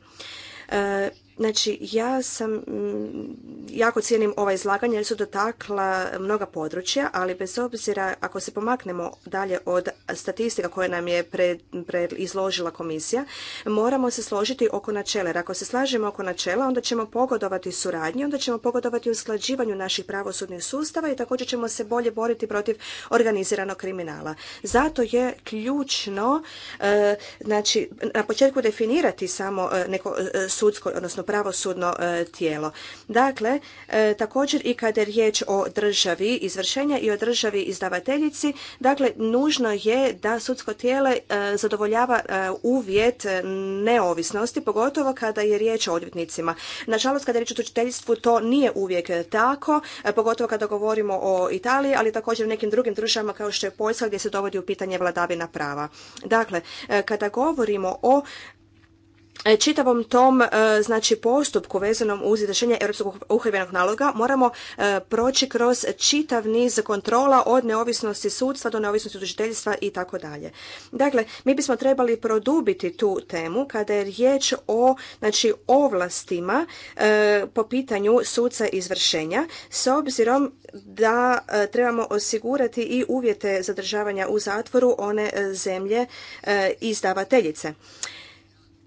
E, Znači, ja sam, mm, jako cijenim ova izlaganja jer su dotakla mnoga područja, ali bez obzira ako se pomaknemo dalje od statistika koje nam je pred, izložila komisija, moramo se složiti oko načela. ako se slažemo oko načela, onda ćemo pogodovati suradnji, onda ćemo pogodovati usklađivanju naših pravosudnih sustava i također ćemo se bolje boriti protiv organiziranog kriminala. Zato je ključno, e, znači, na početku definirati samo e, neko e, sudsko, odnosno pravosudno e, tijelo. Dakle, e, također i kada je riječ o državi izvršenja i o državi izdavateljici, dakle, nužno je da sudsko tijelo e, zadovoljava uvjet neovisnosti, pogotovo kada je riječ o odvjetnicima. Nažalost, kada je riječ o tučiteljstvu, to nije uvijek tako, pogotovo kada govorimo o Italiji, ali također nekim drugim državama kao što je Poljska gdje se dovodi u pitanje vladavina prava. Dakle, kada govorimo o E, čitavom tom e, znači postupku vezanom uz izvršenje europskog uhidbenog naloga moramo e, proći kroz čitav niz kontrola od neovisnosti sudstva do neovisnosti tužiteljstva i tako dalje. Dakle, mi bismo trebali produbiti tu temu kada je riječ o znači ovlastima po pitanju suca izvršenja s obzirom da trebamo osigurati i uvjete zadržavanja u zatvoru one zemlje izdavateljice.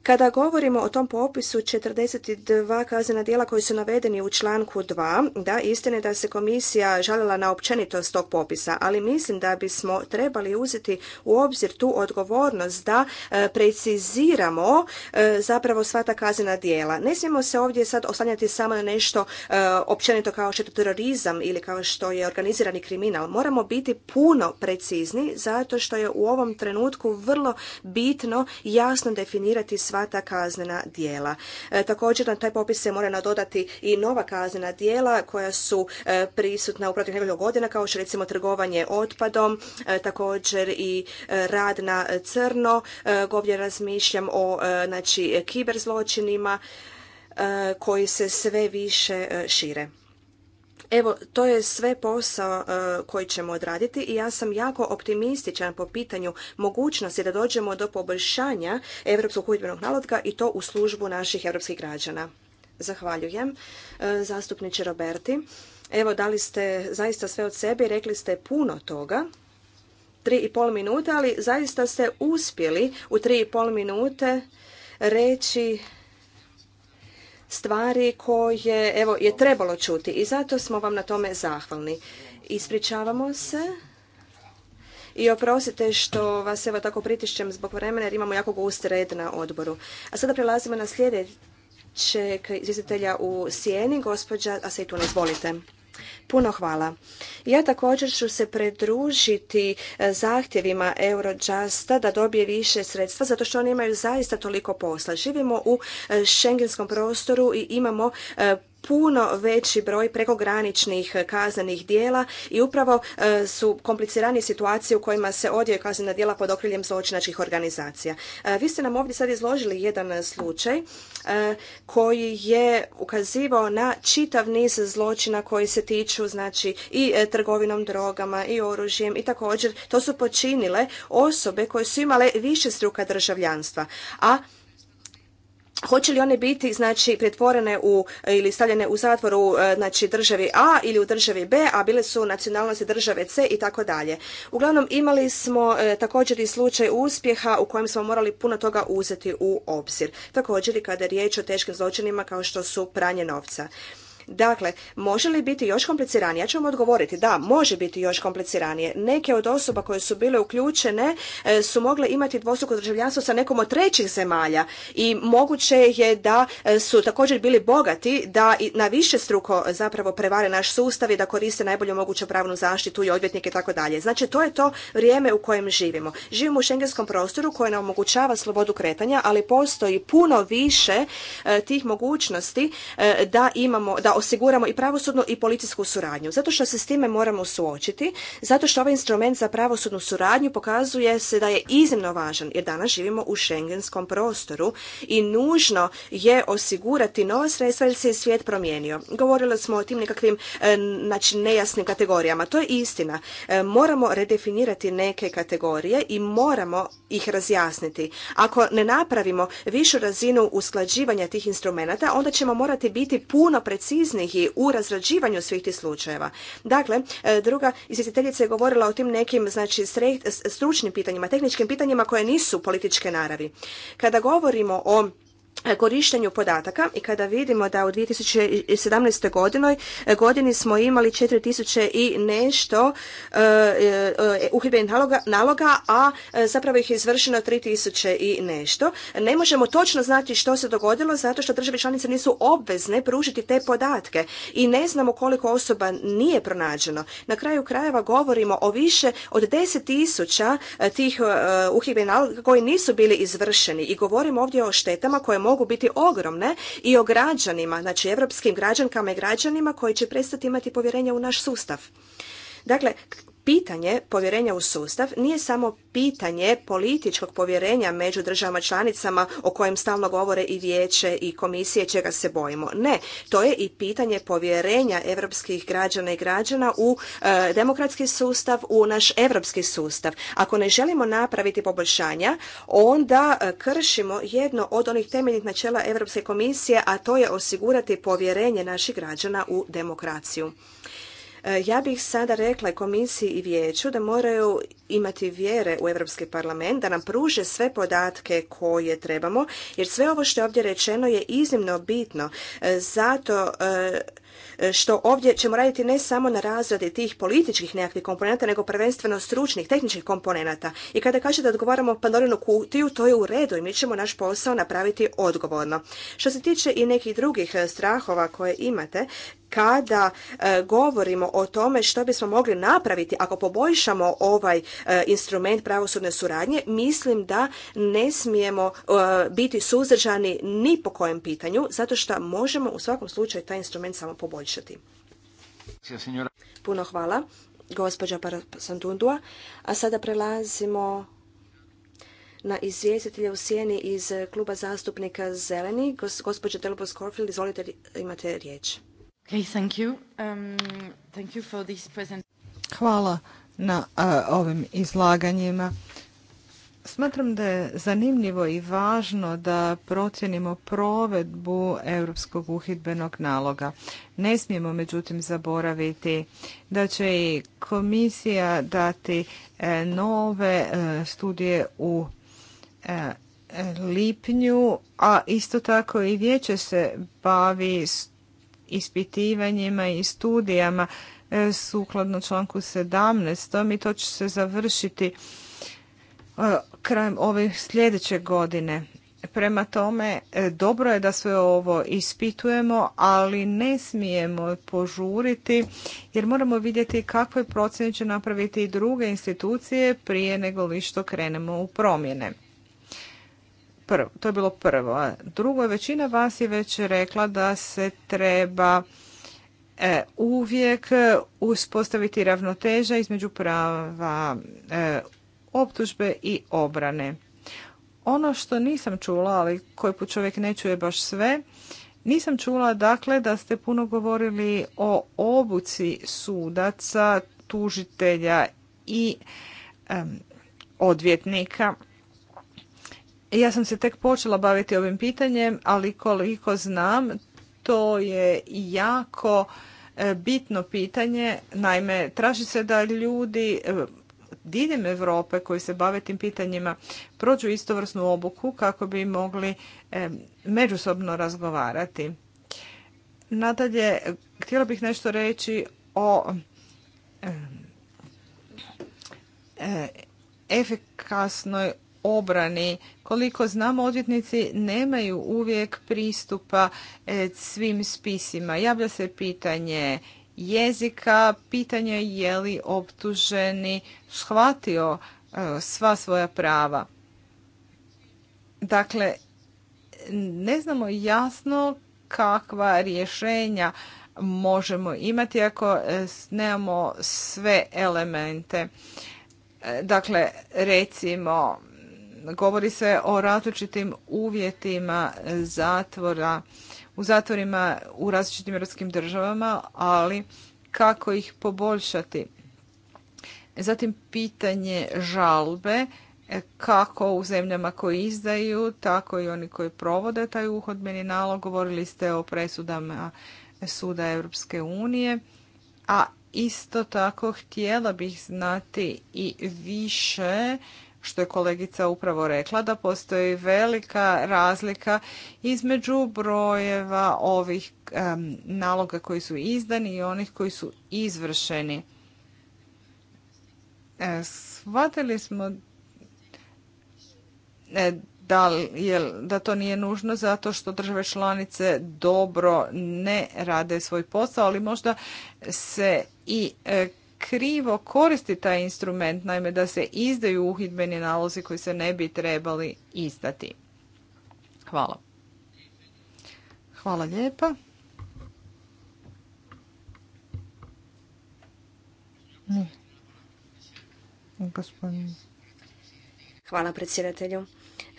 Kada govorimo o tom popisu 42 kaznena djela koji su navedeni u članku 2, da, istina je da se komisija žalila na općenitost tog popisa, ali mislim da bismo trebali uzeti u obzir tu odgovornost da e, preciziramo e, zapravo sva ta kaznena djela. Ne smijemo se ovdje sad oslanjati samo na nešto e, općenito kao što je terorizam ili kao što je organizirani kriminal. Moramo biti puno precizni zato što je u ovom trenutku vrlo bitno jasno definirati sva sva ta kaznena djela. E, također na taj popis se mora nadodati i nova kaznena djela koja su e, prisutna u protiv nekoliko godina kao što recimo trgovanje otpadom, e, također i rad na crno. Govdje razmišljam o znači, kiberzločinima koji se sve više šire. Evo, to je sve posao e, koji ćemo odraditi i ja sam jako optimističan po pitanju mogućnosti da dođemo do poboljšanja Europskog uhidbenog naloga i to u službu naših europskih građana. Zahvaljujem. E, zastupniče Roberti, evo dali ste zaista sve od sebe i rekli ste puno toga. Tri i pol minute, ali zaista ste uspjeli u tri i pol minute reći stvari koje evo, je trebalo čuti i zato smo vam na tome zahvalni. Ispričavamo se i oprostite što vas evo tako pritišćem zbog vremena jer imamo jako gust red na odboru. A sada prelazimo na sljedećeg izvjestitelja u Sijeni, gospođa Asejtun, izvolite. Puno hvala. Ja također ću se predružiti e, zahtjevima Eurojusta da dobije više sredstva zato što oni imaju zaista toliko posla. Živimo u šengenskom e, prostoru i imamo e, puno veći broj prekograničnih kaznenih dijela i upravo e, su kompliciranije situacije u kojima se odje kaznena djela pod okriljem zločinačkih organizacija. E, vi ste nam ovdje sad izložili jedan slučaj e, koji je ukazivao na čitav niz zločina koji se tiču znači i trgovinom drogama i oružjem i također to su počinile osobe koje su imale više struka državljanstva. A Hoće li one biti znači pretvorene u ili stavljene u zatvor u e, znači državi A ili u državi B, a bile su nacionalnosti države C i tako dalje. Uglavnom imali smo e, također i slučaj uspjeha u kojem smo morali puno toga uzeti u obzir. Također i kada je riječ o teškim zločinima kao što su pranje novca. Dakle, može li biti još kompliciranije? Ja ću vam odgovoriti, da, može biti još kompliciranije. Neke od osoba koje su bile uključene e, su mogle imati dvostruko državljanstvo sa nekom od trećih zemalja i moguće je da e, su također bili bogati da i na više struko e, zapravo prevare naš sustav i da koriste najbolju moguću pravnu zaštitu i odvjetnike i tako dalje. Znači, to je to vrijeme u kojem živimo. Živimo u šengenskom prostoru koje nam omogućava slobodu kretanja, ali postoji puno više tih mogućnosti da imamo, da osiguramo i pravosudnu i policijsku suradnju. Zato što se s time moramo suočiti, zato što ovaj instrument za pravosudnu suradnju pokazuje se da je iznimno važan jer danas živimo u šengenskom prostoru i nužno je osigurati nova sredstva jer se je svijet promijenio. Govorili smo o tim nekakvim e, znači, nejasnim kategorijama. To je istina. E, moramo redefinirati neke kategorije i moramo ih razjasniti. Ako ne napravimo višu razinu usklađivanja tih instrumenata, onda ćemo morati biti puno precizni i u razrađivanju svih tih slučajeva. Dakle, e, druga izvjestiteljica je govorila o tim nekim znači, stručnim pitanjima, tehničkim pitanjima koje nisu političke naravi. Kada govorimo o E, korištenju podataka i kada vidimo da u 2017. godinoj, e, godini smo imali 4000 i nešto e, uhibenih naloga, a zapravo ih je izvršeno 3000 i nešto. Ne možemo točno znati što se dogodilo zato što države članice nisu obvezne pružiti te podatke i ne znamo koliko osoba nije pronađeno. Na kraju krajeva govorimo o više od 10.000 tih uhidbenih naloga koji nisu bili izvršeni i govorimo ovdje o štetama koje mogu biti ogromne i o građanima, znači europskim građankama i građanima koji će prestati imati povjerenja u naš sustav. Dakle, pitanje povjerenja u sustav nije samo pitanje političkog povjerenja među državama članicama o kojem stalno govore i vijeće i komisije čega se bojimo. Ne, to je i pitanje povjerenja europskih građana i građana u e, demokratski sustav, u naš europski sustav. Ako ne želimo napraviti poboljšanja, onda e, kršimo jedno od onih temeljnih načela Europske komisije, a to je osigurati povjerenje naših građana u demokraciju. E, ja bih sada rekla komisiji i vijeću da moraju imati vjere u Europski parlament, da nam pruže sve podatke koje trebamo, jer sve ovo što je ovdje rečeno je iznimno bitno. E, zato e, što ovdje ćemo raditi ne samo na razradi tih političkih nekakvih komponenta, nego prvenstveno stručnih, tehničkih komponenata. I kada kažete da odgovaramo Pandorinu kutiju, to je u redu i mi ćemo naš posao napraviti odgovorno. Što se tiče i nekih drugih e, strahova koje imate, kada e, govorimo o tome što bismo mogli napraviti ako poboljšamo ovaj e, instrument pravosudne suradnje, mislim da ne smijemo biti suzdržani ni po kojem pitanju, zato što možemo u svakom slučaju taj instrument samo poboljšati poboljšati. Puno hvala, gospođa Parasantundua. A sada prelazimo na izvjestitelje u sjeni iz kluba zastupnika Zeleni. gospođa Delobos Corfield, izvolite, imate riječ. Um, hvala na ovim izlaganjima. Smatram da je zanimljivo i važno da procjenimo provedbu Europskog uhidbenog naloga. Ne smijemo međutim zaboraviti da će i komisija dati e, nove e, studije u e, lipnju, a isto tako i vijeće se bavi ispitivanjima i studijama sukladno članku 17. i to će se završiti E, krajem ove sljedeće godine. Prema tome, e, dobro je da sve ovo ispitujemo, ali ne smijemo požuriti jer moramo vidjeti kakve procjene će napraviti i druge institucije prije nego li što krenemo u promjene. Prvo, to je bilo prvo. Drugo, većina vas je već rekla da se treba e, uvijek uspostaviti ravnoteža između prava e, optužbe i obrane. Ono što nisam čula, ali koji put čovjek ne čuje baš sve, nisam čula dakle da ste puno govorili o obuci sudaca, tužitelja i odvjetnika. Ja sam se tek počela baviti ovim pitanjem, ali koliko znam, to je jako e, bitno pitanje. Naime, traži se da ljudi diljem Europe koji se bave tim pitanjima prođu istovrsnu obuku kako bi mogli međusobno razgovarati. Nadalje, htjela bih nešto reći o e, efikasnoj obrani. Koliko znamo, odvjetnici nemaju uvijek pristupa e, svim spisima. Javlja se pitanje jezika, pitanje je li optuženi shvatio e, sva svoja prava. Dakle, ne znamo jasno kakva rješenja možemo imati ako e, nemamo sve elemente. E, dakle, recimo, govori se o različitim uvjetima zatvora u zatvorima u različitim europskim državama, ali kako ih poboljšati. Zatim pitanje žalbe, kako u zemljama koji izdaju, tako i oni koji provode taj uhodbeni nalog. Govorili ste o presudama suda Europske unije, a isto tako htjela bih znati i više što je kolegica upravo rekla, da postoji velika razlika između brojeva ovih naloga koji su izdani i onih koji su izvršeni. E, shvatili smo e, da, jel, da to nije nužno zato što države članice dobro ne rade svoj posao, ali možda se i e, krivo koristi taj instrument, naime da se izdaju uhidbeni nalozi koji se ne bi trebali izdati. Hvala. Hvala lijepa. Hvala predsjedatelju.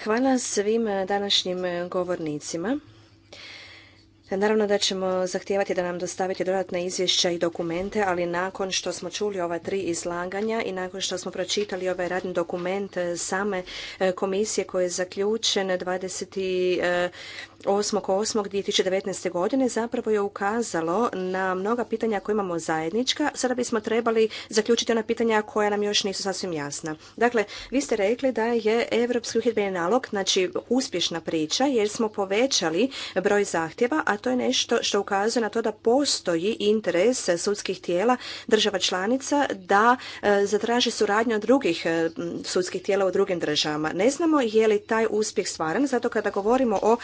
Hvala svim današnjim govornicima. Naravno da ćemo zahtijevati da nam dostavite dodatna izvješća i dokumente, ali nakon što smo čuli ova tri izlaganja i nakon što smo pročitali ovaj radni dokument e, same e, komisije koji je zaključen 20. 8.8.2019. godine zapravo je ukazalo na mnoga pitanja koja imamo zajednička. Sada bismo trebali zaključiti ona pitanja koja nam još nisu sasvim jasna. Dakle, vi ste rekli da je Europski uhidbeni nalog, znači uspješna priča, jer smo povećali broj zahtjeva, a to je nešto što ukazuje na to da postoji interes sudskih tijela država članica da e, zatraže suradnju od drugih e, sudskih tijela u drugim državama. Ne znamo je li taj uspjeh stvaran, zato kada govorimo o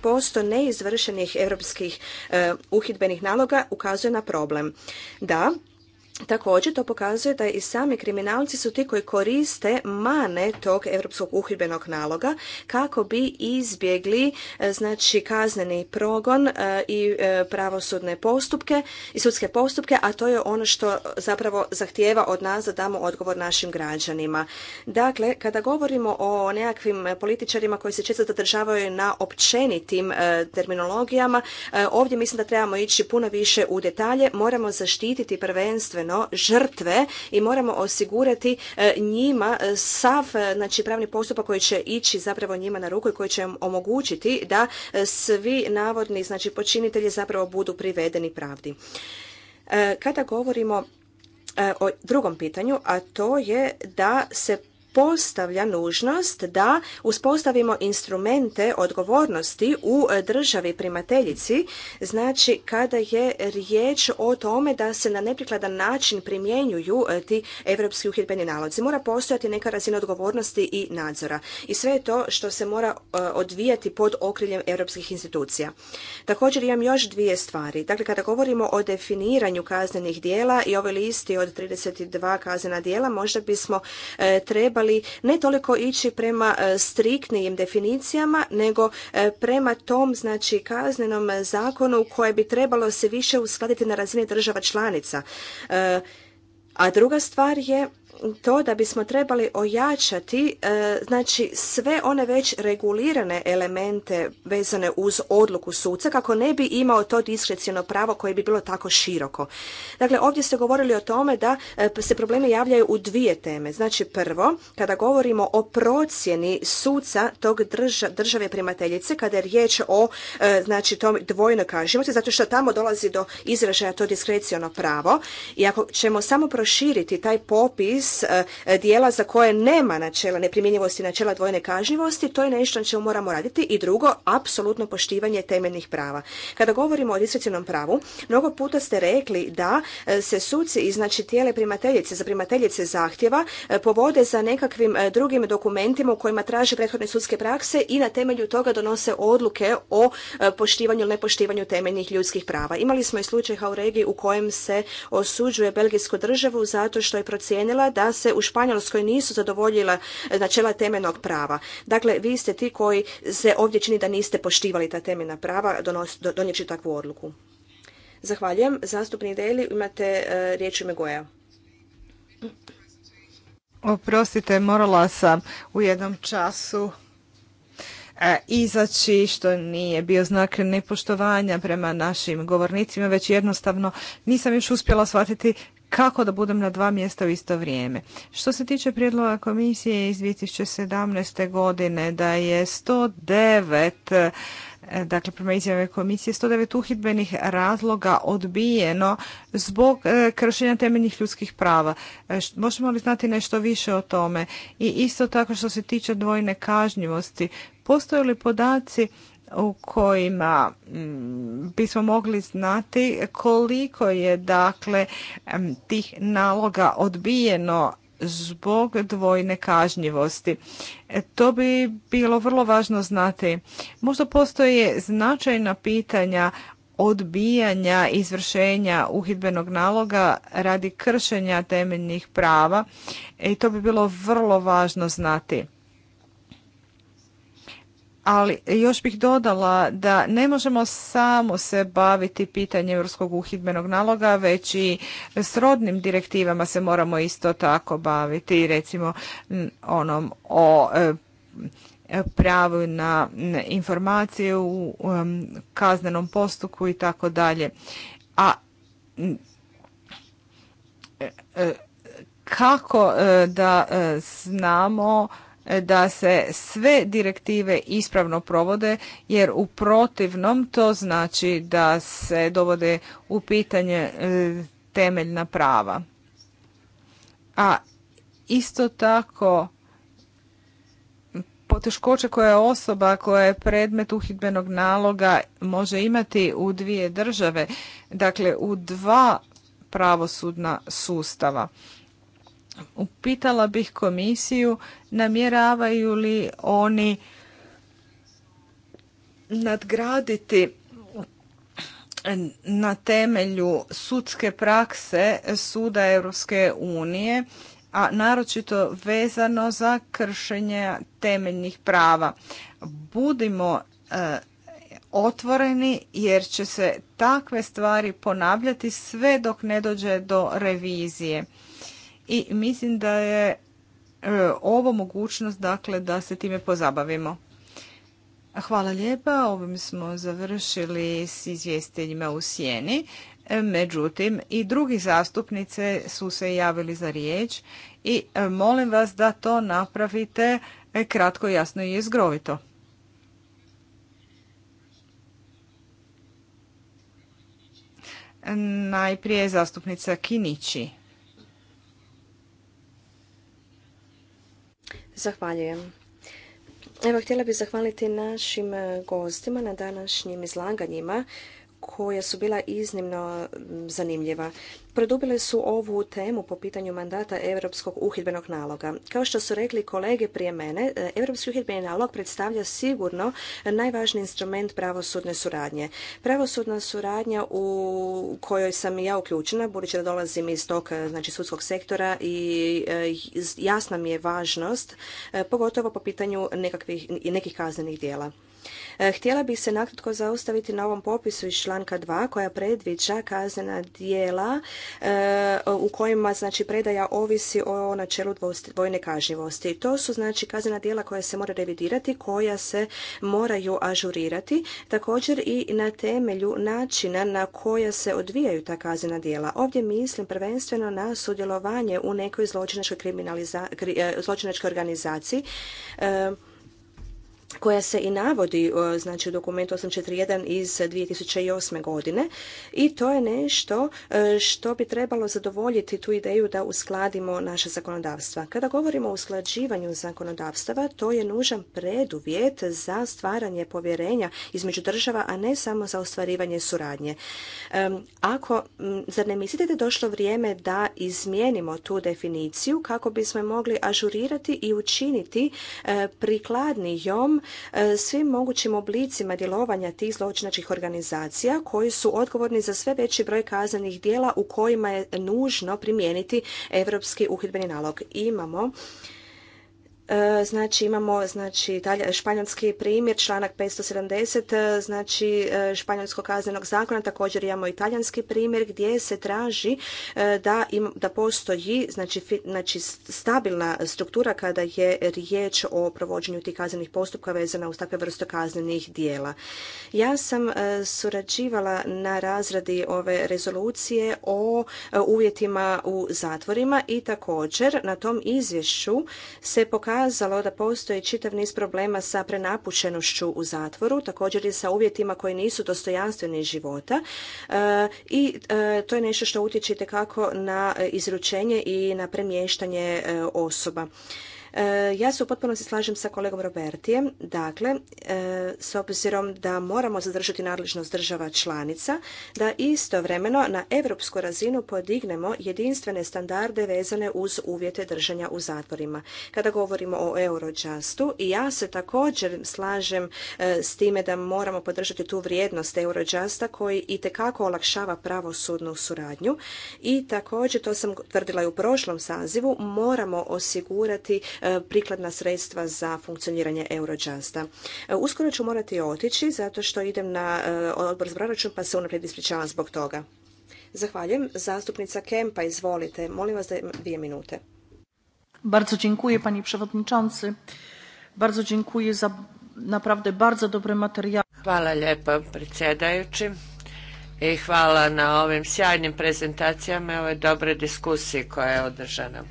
posto neizvršenih europskih eh, uhidbenih naloga ukazuje na problem. Da, Također to pokazuje da i sami kriminalci su ti koji koriste mane tog europskog uhidbenog naloga kako bi izbjegli e, znači kazneni progon e, i e, pravosudne postupke i sudske postupke, a to je ono što zapravo zahtijeva od nas da damo odgovor našim građanima. Dakle, kada govorimo o nekakvim političarima koji se često zadržavaju na općenitim terminologijama, ovdje mislim da trebamo ići puno više u detalje, moramo zaštititi prvenstveno istovremeno žrtve i moramo osigurati e, njima e, sav e, znači, pravni postupak koji će ići zapravo njima na ruku i koji će im omogućiti da svi navodni znači, počinitelji zapravo budu privedeni pravdi. Kada govorimo o drugom pitanju, a to je da se postavlja nužnost da uspostavimo instrumente odgovornosti u državi primateljici, znači kada je riječ o tome da se na neprikladan način primjenjuju e, ti europski uhidbeni nalozi. Mora postojati neka razina odgovornosti i nadzora. I sve je to što se mora e, odvijati pod okriljem europskih institucija. Također imam još dvije stvari. Dakle, kada govorimo o definiranju kaznenih dijela i ovoj listi od 32 kaznena dijela, možda bismo e, trebali trebali ne toliko ići prema e, striktnijim definicijama, nego e, prema tom znači kaznenom zakonu koje bi trebalo se više uskladiti na razini država članica. E, a druga stvar je to da bismo trebali ojačati e, znači sve one već regulirane elemente vezane uz odluku suca kako ne bi imao to diskrecijno pravo koje bi bilo tako široko. Dakle, ovdje ste govorili o tome da e, se problemi javljaju u dvije teme. Znači, prvo, kada govorimo o procjeni suca tog države primateljice, kada je riječ o e, znači tom dvojnoj kažnjivosti, zato što tamo dolazi do izražaja to diskreciono pravo i ako ćemo samo proširiti taj popis s e, dijela za koje nema načela neprimjenjivosti načela dvojne kažnjivosti, to je nešto na čemu moramo raditi i drugo, apsolutno poštivanje temeljnih prava. Kada govorimo o diskrecijnom pravu, mnogo puta ste rekli da e, se suci i znači tijele primateljice za primateljice zahtjeva e, povode za nekakvim drugim dokumentima u kojima traže prethodne sudske prakse i na temelju toga donose odluke o poštivanju ili nepoštivanju temeljnih ljudskih prava. Imali smo i slučaj u regiji u kojem se osuđuje belgijsku državu zato što je procijenila da se u Španjolskoj nisu zadovoljila e, načela temeljnog prava. Dakle, vi ste ti koji se ovdje čini da niste poštivali ta temeljna prava donijeći takvu odluku. Zahvaljujem. Zastupni Deli, imate e, riječ ime Goja. Oprostite, morala sam u jednom času e, izaći, što nije bio znak nepoštovanja prema našim govornicima, već jednostavno nisam još uspjela shvatiti kako da budem na dva mjesta u isto vrijeme. Što se tiče prijedloga komisije iz 2017. godine da je 109 eh, dakle prema izjave komisije 109 uhidbenih razloga odbijeno zbog eh, kršenja temeljnih ljudskih prava. Eh, možemo li znati nešto više o tome? I isto tako što se tiče dvojne kažnjivosti, postoje li podaci u kojima mm, bismo mogli znati koliko je dakle tih naloga odbijeno zbog dvojne kažnjivosti. E, to bi bilo vrlo važno znati. Možda postoje značajna pitanja odbijanja izvršenja uhidbenog naloga radi kršenja temeljnih prava i e, to bi bilo vrlo važno znati ali još bih dodala da ne možemo samo se baviti pitanjem europskog uhidbenog naloga, već i srodnim direktivama se moramo isto tako baviti, recimo onom o e, pravu na informacije u kaznenom postupku i tako dalje. A e, e, kako da znamo da se sve direktive ispravno provode jer u protivnom to znači da se dovode u pitanje e, temeljna prava. A isto tako poteškoće koje osoba koja je predmet uhidbenog naloga može imati u dvije države, dakle u dva pravosudna sustava upitala bih komisiju namjeravaju li oni nadgraditi na temelju sudske prakse suda Europske unije, a naročito vezano za kršenje temeljnih prava. Budimo e, otvoreni jer će se takve stvari ponavljati sve dok ne dođe do revizije i mislim da je e, ovo mogućnost dakle da se time pozabavimo. Hvala lijepa, ovim smo završili s izvjestiteljima u sjeni. E, međutim, i drugi zastupnice su se javili za riječ i e, molim vas da to napravite kratko, jasno i izgrovito. Najprije zastupnica Kinići. Zahvaljujem. Evo, htjela bih zahvaliti našim eh, gostima na današnjim izlaganjima koja su bila iznimno zanimljiva. Produbile su ovu temu po pitanju mandata Europskog uhidbenog naloga. Kao što su rekli kolege prije mene, e, Europski uhidbeni nalog predstavlja sigurno najvažniji instrument pravosudne suradnje. Pravosudna suradnja u kojoj sam i ja uključena, budući da dolazim iz tog e, znači, sudskog sektora i e, jasna mi je važnost, pogotovo po pitanju nekakvih, nekih kaznenih dijela. E, htjela bih se nakratko zaustaviti na ovom popisu iz članka 2 koja predviđa kaznena dijela e, u kojima znači predaja ovisi o načelu dvojne kažnjivosti. To su znači kaznena dijela koja se mora revidirati, koja se moraju ažurirati, također i na temelju načina na koja se odvijaju ta kaznena dijela. Ovdje mislim prvenstveno na sudjelovanje u nekoj zločinačkoj, e, zločinačkoj organizaciji koja se i navodi e, znači, u dokumentu 841 iz 2008. godine i to je nešto e, što bi trebalo zadovoljiti tu ideju da uskladimo naše zakonodavstva. Kada govorimo o usklađivanju zakonodavstava, to je nužan preduvjet za stvaranje povjerenja između država, a ne samo za ostvarivanje suradnje. E, ako, zar ne mislite da je došlo vrijeme da izmijenimo tu definiciju kako bismo mogli ažurirati i učiniti prikladnijom E, svim mogućim oblicima djelovanja tih zločinačkih organizacija koji su odgovorni za sve veći broj kaznenih djela u kojima je nužno primijeniti europski uhidbeni nalog. Imamo E, znači imamo znači, španjolski primjer, članak 570, e, znači e, španjolskog kaznenog zakona, također imamo i talijanski primjer gdje se traži da, da postoji znači, znači, stabilna struktura kada je riječ o provođenju tih kaznenih postupka vezana uz takve vrste kaznenih dijela. Ja sam surađivala na razradi ove rezolucije o uvjetima u zatvorima i također na tom izvješću se pokazuje pokazalo da postoji čitav niz problema sa prenapučenošću u zatvoru, također i sa uvjetima koji nisu dostojanstveni života e, i e, to je nešto što utječe kako na izručenje i na premještanje e, osoba. E, ja se u potpunosti slažem sa kolegom Robertijem. Dakle, e, s obzirom da moramo zadržati nadležnost država članica, da istovremeno na europsku razinu podignemo jedinstvene standarde vezane uz uvjete držanja u zatvorima. Kada govorimo o Eurojustu, i ja se također slažem e, s time da moramo podržati tu vrijednost Eurojusta koji i tekako olakšava pravosudnu suradnju i također, to sam tvrdila i u prošlom sazivu, moramo osigurati E, prikladna sredstva za funkcioniranje Eurojusta. E, uskoro ću morati otići zato što idem na e, odbor za proračun pa se unaprijed ispričavam zbog toga. Zahvaljujem. Zastupnica Kempa, izvolite. Molim vas da dvije minute. Bardzo dziękuję, pani przewodniczący. Bardzo dziękuję za naprawdę bardzo dobre materiały. Hvala lijepo, predsjedajući i hvala na ovim sjajnim prezentacijama i ovoj dobroj diskusiji koja je održana.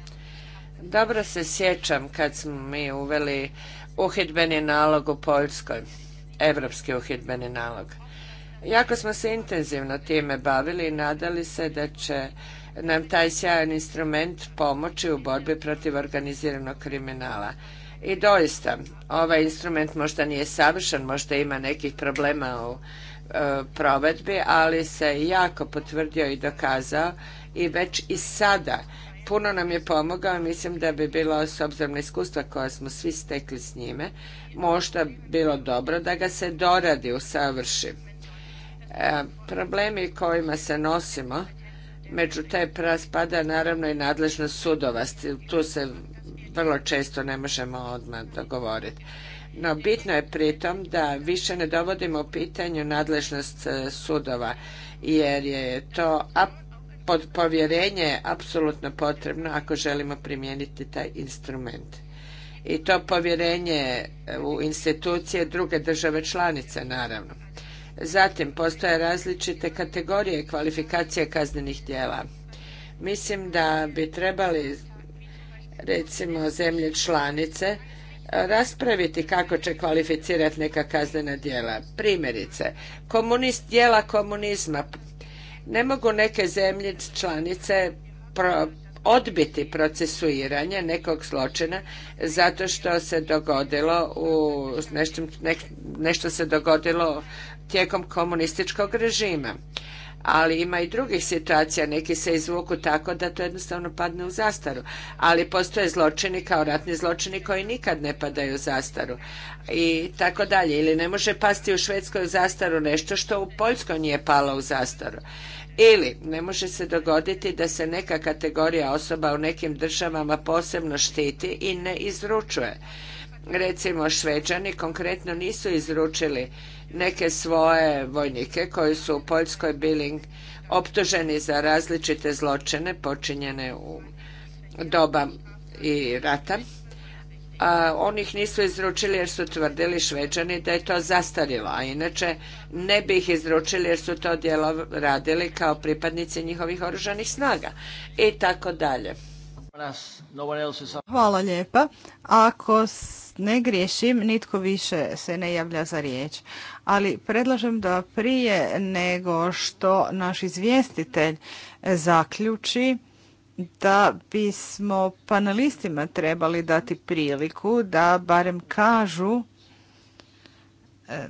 Dobro se sjećam kad smo mi uveli uhidbeni nalog u Poljskoj, evropski uhidbeni nalog. Jako smo se intenzivno time bavili i nadali se da će nam taj sjajan instrument pomoći u borbi protiv organiziranog kriminala. I doista, ovaj instrument možda nije savršen, možda ima nekih problema u e, provedbi, ali se jako potvrdio i dokazao i već i sada puno nam je pomogao mislim da bi bilo, s obzirom na iskustva koja smo svi stekli s njime, možda bilo dobro da ga se doradi, usavrši. savrši. E, problemi kojima se nosimo, među taj spada naravno i nadležnost sudova. Tu se vrlo često ne možemo odmah dogovoriti. No bitno je pritom da više ne dovodimo u pitanju nadležnost e, sudova, jer je to a povjerenje je apsolutno potrebno ako želimo primijeniti taj instrument. I to povjerenje u institucije druge države članice, naravno. Zatim, postoje različite kategorije kvalifikacije kaznenih djela. Mislim da bi trebali, recimo, zemlje članice e, raspraviti kako će kvalificirati neka kaznena djela. Primjerice, komunist, djela komunizma, ne mogu neke zemlje članice odbiti procesuiranje nekog zločina zato što se dogodilo u nešto se dogodilo tijekom komunističkog režima ali ima i drugih situacija, neki se izvuku tako da to jednostavno padne u zastaru, ali postoje zločini kao ratni zločini koji nikad ne padaju u zastaru i tako dalje, ili ne može pasti u Švedskoj u zastaru nešto što u Poljskoj nije palo u zastaru. Ili ne može se dogoditi da se neka kategorija osoba u nekim državama posebno štiti i ne izručuje recimo Šveđani konkretno nisu izručili neke svoje vojnike koji su u Poljskoj bili optuženi za različite zločine počinjene u doba i rata. A oni ih nisu izručili jer su tvrdili Šveđani da je to zastarjelo, a inače ne bi ih izručili jer su to djelo radili kao pripadnici njihovih oružanih snaga i tako dalje. Hvala lijepa. Ako ne griješim, nitko više se ne javlja za riječ. Ali predlažem da prije nego što naš izvjestitelj zaključi, da bismo panelistima trebali dati priliku da barem kažu e,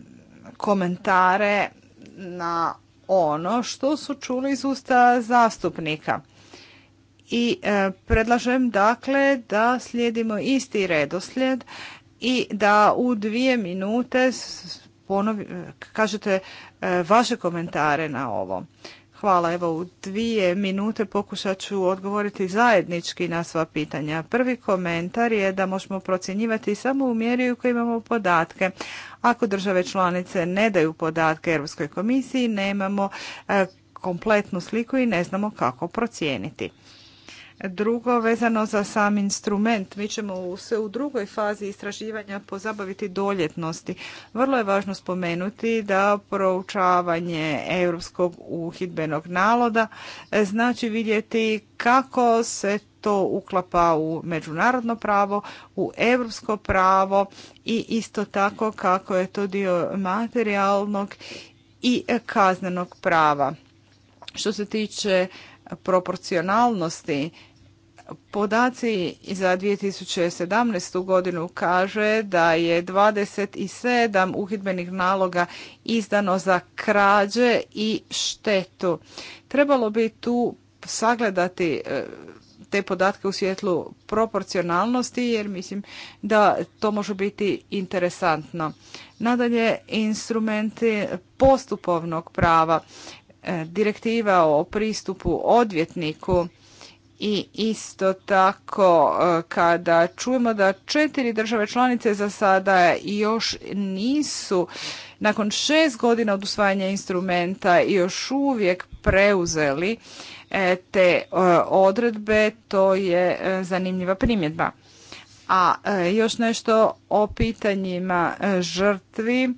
komentare na ono što su čuli iz usta zastupnika. I e, predlažem dakle da slijedimo isti redoslijed i da u dvije minute ponovi, e, kažete e, vaše komentare na ovo. Hvala. Evo u dvije minute pokušat ću odgovoriti zajednički na sva pitanja. Prvi komentar je da možemo procjenjivati samo u mjeri u kojoj imamo podatke. Ako države članice ne daju podatke Europskoj komisiji, nemamo e, kompletnu sliku i ne znamo kako procijeniti. Drugo, vezano za sam instrument, mi ćemo se u drugoj fazi istraživanja pozabaviti doljetnosti. Vrlo je važno spomenuti da proučavanje europskog uhidbenog naloda e, znači vidjeti kako se to uklapa u međunarodno pravo, u europsko pravo i isto tako kako je to dio materijalnog i kaznenog prava. Što se tiče proporcionalnosti Podaci za 2017. godinu kaže da je 27 uhidbenih naloga izdano za krađe i štetu. Trebalo bi tu sagledati e, te podatke u svjetlu proporcionalnosti jer mislim da to može biti interesantno. Nadalje, instrumenti postupovnog prava. E, direktiva o pristupu odvjetniku i isto tako e, kada čujemo da četiri države članice za sada još nisu nakon šest godina od usvajanja instrumenta još uvijek preuzeli e, te odredbe, to je zanimljiva primjedba. A još nešto o pitanjima žrtvi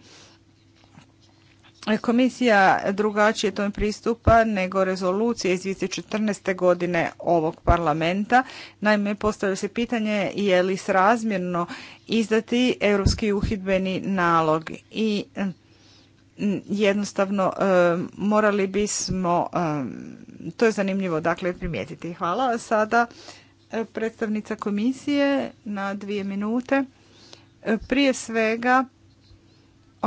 Komisija drugačije tome pristupa nego rezolucije iz 2014. godine ovog parlamenta. Naime, postavlja se pitanje je li srazmjerno izdati europski uhidbeni nalog i mm, jednostavno e, morali bismo, e, to je zanimljivo dakle primijetiti. Hvala. Sada e, predstavnica komisije na dvije minute. Prije svega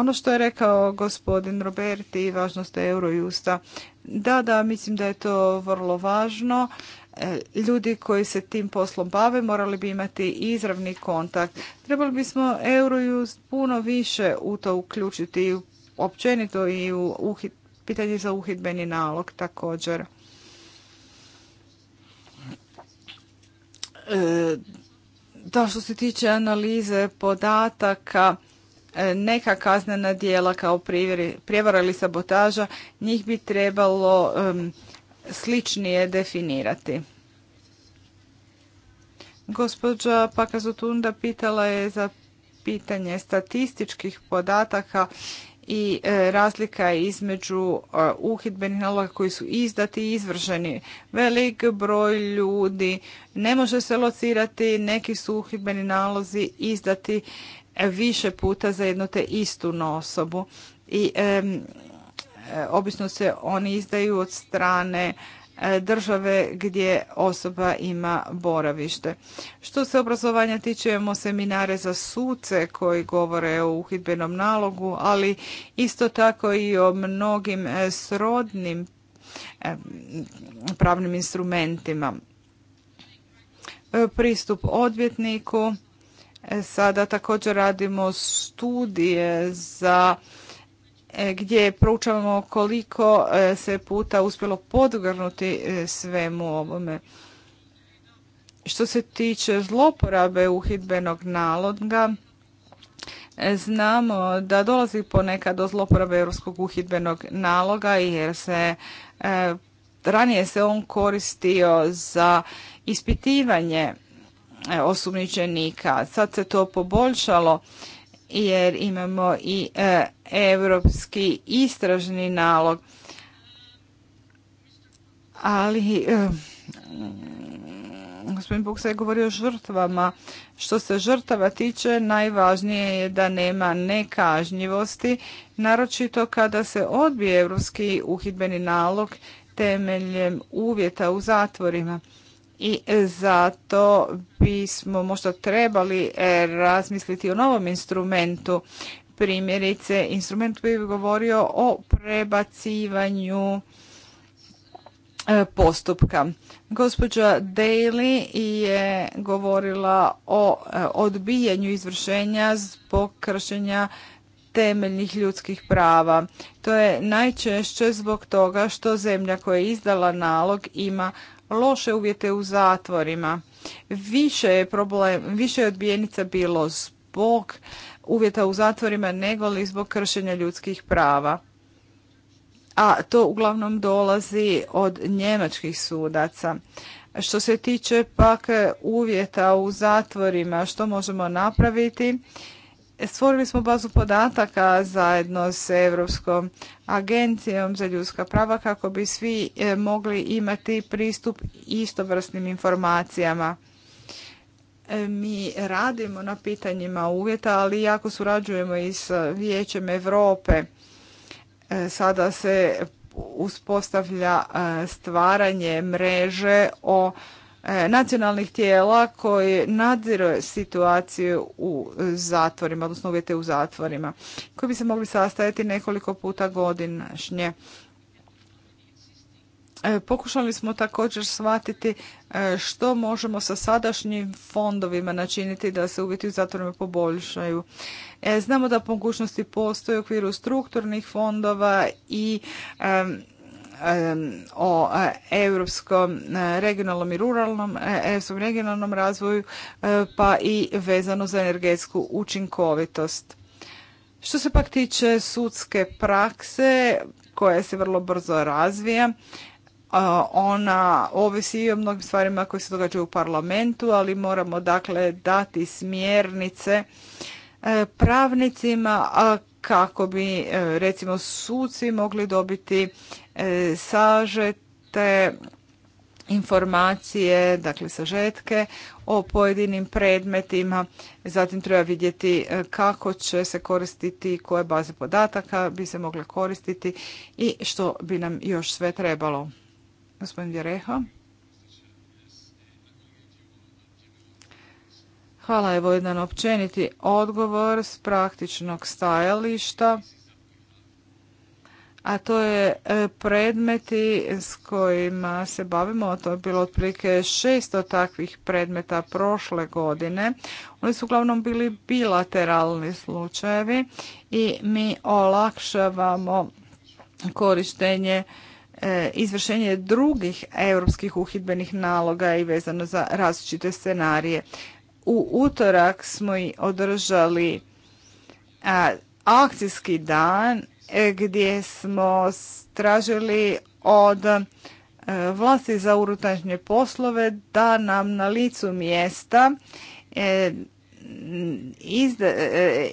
ono što je rekao gospodin Roberti i važnost Eurojusta, da, da, mislim da je to vrlo važno. E, ljudi koji se tim poslom bave morali bi imati izravni kontakt. Trebali bismo Eurojust puno više u to uključiti, općenito i u pitanje za uhidbeni nalog također. E, da, što se tiče analize podataka, E, neka kaznena dijela kao prijevara ili sabotaža, njih bi trebalo sličnije definirati. Gospođa Pakazotunda pitala je za pitanje statističkih podataka i e, razlika između e, uhidbenih naloga koji su izdati i izvršeni. Velik broj ljudi ne može se locirati, neki su uhidbeni nalozi izdati više puta za jednu te istu osobu. I e, obično se oni izdaju od strane e, države gdje osoba ima boravište. Što se obrazovanja tiče, imamo seminare za suce koji govore o uhidbenom nalogu, ali isto tako i o mnogim e, srodnim pravnim instrumentima. E, pristup odvjetniku E, sada također radimo studije za e, gdje proučavamo koliko e, se puta uspjelo podgrnuti svemu ovome. Što se tiče zloporabe uhidbenog naloga, znamo da dolazi ponekad do zloporabe europskog uhidbenog naloga jer se ranije se on koristio za ispitivanje E, osumnjičenika. Sad se to poboljšalo jer imamo i e, europski istražni nalog. Ali e, mm, gospodin Buksa je govorio o žrtvama. Što se žrtava tiče, najvažnije je da nema nekažnjivosti, naročito kada se odbije europski uhidbeni nalog temeljem uvjeta u zatvorima i zato bismo možda trebali e, razmisliti o novom instrumentu. Primjerice, instrument koji bi govorio o prebacivanju e, postupka. Gospođa Daly je govorila o e, odbijanju izvršenja zbog kršenja temeljnih ljudskih prava. To je najčešće zbog toga što zemlja koja je izdala nalog ima loše uvjete u zatvorima. Više je, problem, više je odbijenica bilo zbog uvjeta u zatvorima nego li zbog kršenja ljudskih prava. A to uglavnom dolazi od njemačkih sudaca. Što se tiče pak uvjeta u zatvorima, što možemo napraviti? Stvorili smo bazu podataka zajedno s Europskom agencijom za ljudska prava kako bi svi e, mogli imati pristup istovrsnim informacijama. E, mi radimo na pitanjima uvjeta, ali jako surađujemo i s Vijećem Europe. E, sada se uspostavlja stvaranje mreže o E, nacionalnih tijela koji nadziru situaciju u zatvorima, odnosno uvjete u zatvorima, koji bi se mogli sastajati nekoliko puta godinašnje. E, pokušali smo također shvatiti e, što možemo sa sadašnjim fondovima načiniti da se uvjeti u zatvorima poboljšaju. Znamo da mogućnosti postoje u okviru strukturnih fondova i o e, europskom e, regionalnom i ruralnom, e, europskom regionalnom razvoju pa i vezano za energetsku učinkovitost. Što se pak tiče sudske prakse koja se vrlo brzo razvija, ona ovisi i o mnogim stvarima koje se događaju u parlamentu, ali moramo dakle dati smjernice pravnicima kako bi e, recimo suci mogli dobiti e, sažete informacije, dakle sažetke o pojedinim predmetima. Zatim treba vidjeti e, kako će se koristiti, koje baze podataka bi se mogle koristiti i što bi nam još sve trebalo. Gospodin Vjereha. Hvala, evo jedan općeniti odgovor s praktičnog stajališta, a to je e, predmeti s kojima se bavimo, to je bilo otprilike 600 takvih predmeta prošle godine. Oni su uglavnom bili bilateralni slučajevi i mi olakšavamo korištenje e, izvršenje drugih europskih uhidbenih naloga i vezano za različite scenarije. U utorak smo i održali akcijski dan e, gdje smo tražili od e, vlasti za urutanje poslove da nam na licu mjesta e,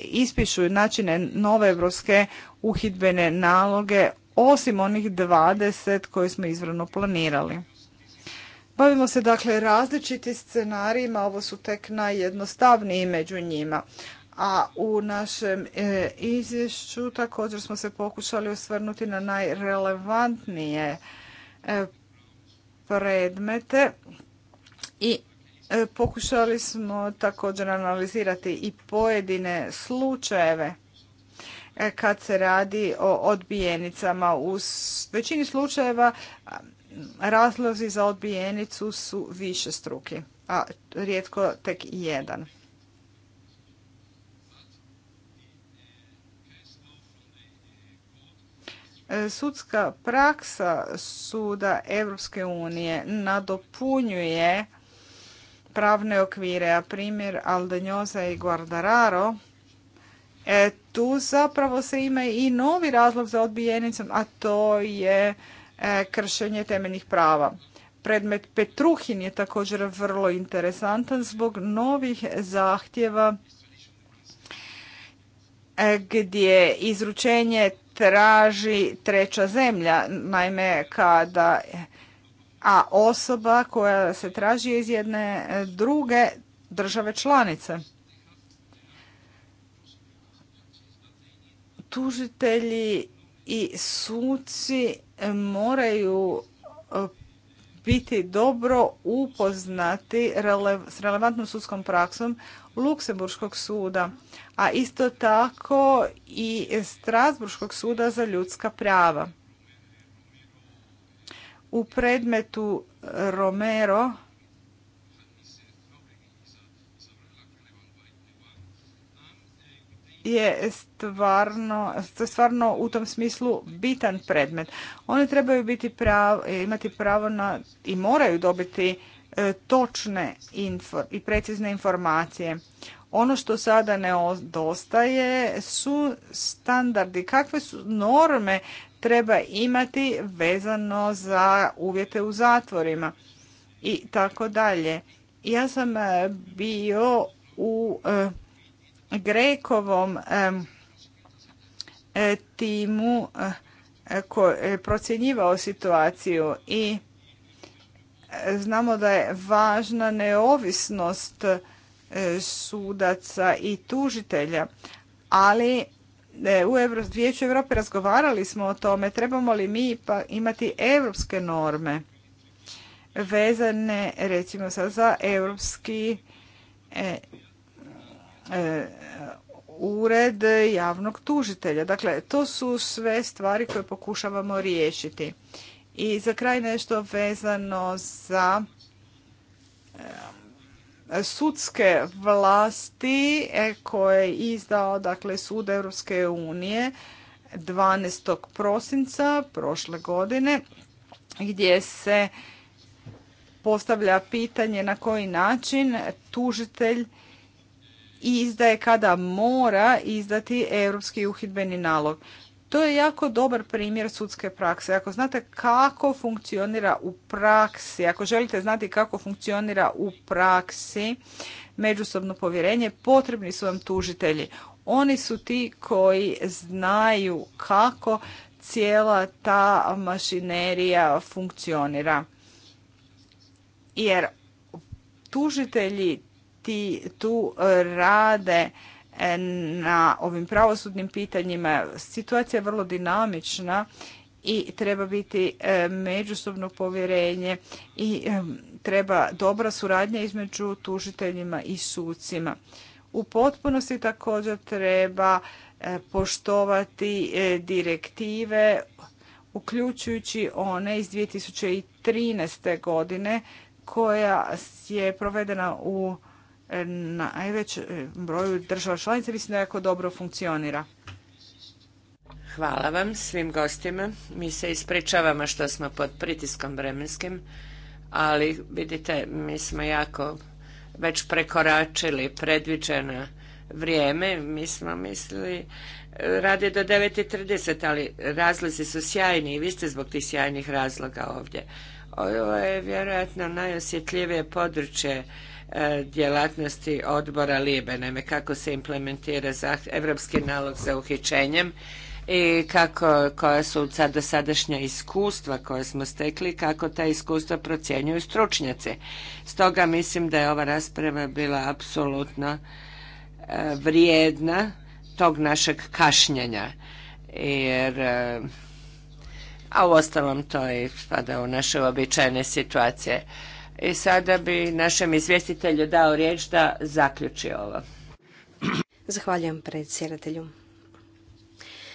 ispišu načine nove evropske uhidbene naloge osim onih 20 koje smo izvrno planirali. Bavimo se dakle različitim scenarijima, ovo su tek najjednostavniji među njima. A u našem e, izvješću također smo se pokušali osvrnuti na najrelevantnije e, predmete i e, pokušali smo također analizirati i pojedine slučajeve kad se radi o odbijenicama. U većini slučajeva razlozi za odbijenicu su više struki, a rijetko tek jedan. Sudska praksa suda Europske unije nadopunjuje pravne okvire, a primjer Aldenjoza i Guardararo, e, tu zapravo se ima i novi razlog za odbijenicom, a to je E, kršenje temeljnih prava. Predmet Petruhin je također vrlo interesantan zbog novih zahtjeva e, gdje izručenje traži treća zemlja. Naime, kada a osoba koja se traži iz jedne e, druge države članice. Tužitelji i suci moraju e, biti dobro upoznati s relevantnom sudskom praksom Luksemburškog suda, a isto tako i Strasburškog suda za ljudska prava. U predmetu Romero je stvarno, stvarno u tom smislu bitan predmet. Oni trebaju biti imati pravo na i moraju dobiti e, točne i precizne informacije. Ono što sada ne nedostaje su standardi. Kakve su norme treba imati vezano za uvjete u zatvorima i tako dalje. Ja sam e, bio u e, Grekovom e, timu e, koji je procjenjivao situaciju i e, znamo da je važna neovisnost sudaca i tužitelja, ali u Vijeću Europe razgovarali smo o tome trebamo li mi imati europske norme vezane recimo za europski E, ured javnog tužitelja. Dakle, to su sve stvari koje pokušavamo riješiti. I za kraj nešto vezano za e, sudske vlasti e, koje je izdao dakle, sud Europske unije 12. prosinca prošle godine gdje se postavlja pitanje na koji način tužitelj izdaje kada mora izdati europski uhidbeni nalog. To je jako dobar primjer sudske prakse. Ako znate kako funkcionira u praksi, ako želite znati kako funkcionira u praksi međusobno povjerenje, potrebni su vam tužitelji. Oni su ti koji znaju kako cijela ta mašinerija funkcionira. Jer tužitelji ti tu e, rade e, na ovim pravosudnim pitanjima. Situacija je vrlo dinamična i treba biti e, međusobno povjerenje i treba dobra suradnja između tužiteljima i sucima. U potpunosti također treba poštovati direktive uključujući one iz 2013. godine koja je provedena u E, Najveć e, broju država članica. Mislim da jako dobro funkcionira. Hvala vam svim gostima. Mi se ispričavamo što smo pod pritiskom vremenskim, ali vidite, mi smo jako već prekoračili predviđeno vrijeme. Mi smo mislili e, radi do 9.30, ali razlozi su sjajni i vi ste zbog tih sjajnih razloga ovdje. Ovo je vjerojatno najosjetljivije područje E, djelatnosti odbora Libe, naime kako se implementira evropski nalog za uhićenjem i kako, koja su sada sadašnja iskustva koje smo stekli, kako ta iskustva procjenjuju stručnjaci. Stoga mislim da je ova rasprava bila apsolutno e, vrijedna tog našeg kašnjenja. Jer, e, a u ostalom to i spada u naše uobičajene situacije. I e sada bi našem izvjestitelju dao riječ da zaključi ovo. Zahvaljujem predsjedatelju.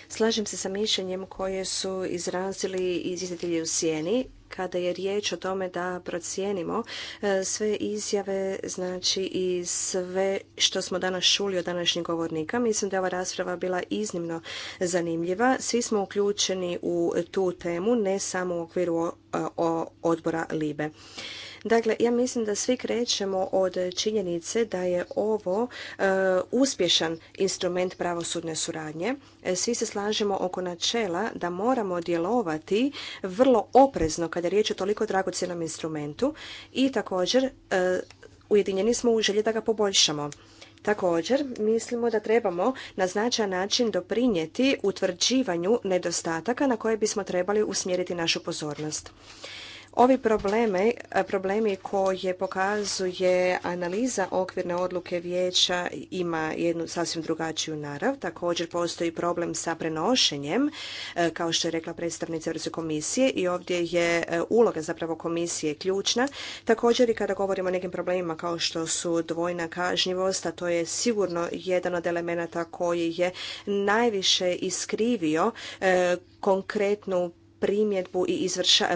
Slažem se sa mišljenjem koje su izrazili izvjestitelji u sjeni kada je riječ o tome da procijenimo e, sve izjave znači i sve što smo danas čuli od današnjih govornika. Mislim da je ova rasprava bila iznimno zanimljiva. Svi smo uključeni u tu temu, ne samo u okviru odbora LIBE. Dakle, ja mislim da svi krećemo od činjenice da je ovo e, uspješan instrument pravosudne suradnje. E, svi se slažemo oko načela da moramo djelovati vrlo oprezno kada je riječ o toliko dragocjenom instrumentu i također e, ujedinjeni smo u želji da ga poboljšamo. Također, mislimo da trebamo na značajan način doprinijeti utvrđivanju nedostataka na koje bismo trebali usmjeriti našu pozornost. Ovi probleme, problemi koje pokazuje analiza okvirne odluke vijeća ima jednu sasvim drugačiju narav. Također postoji problem sa prenošenjem, e, kao što je rekla predstavnica Europske komisije i ovdje je e, uloga zapravo komisije ključna. Također i kada govorimo o nekim problemima kao što su dvojna kažnjivost, a to je sigurno jedan od elemenata koji je najviše iskrivio e, konkretnu i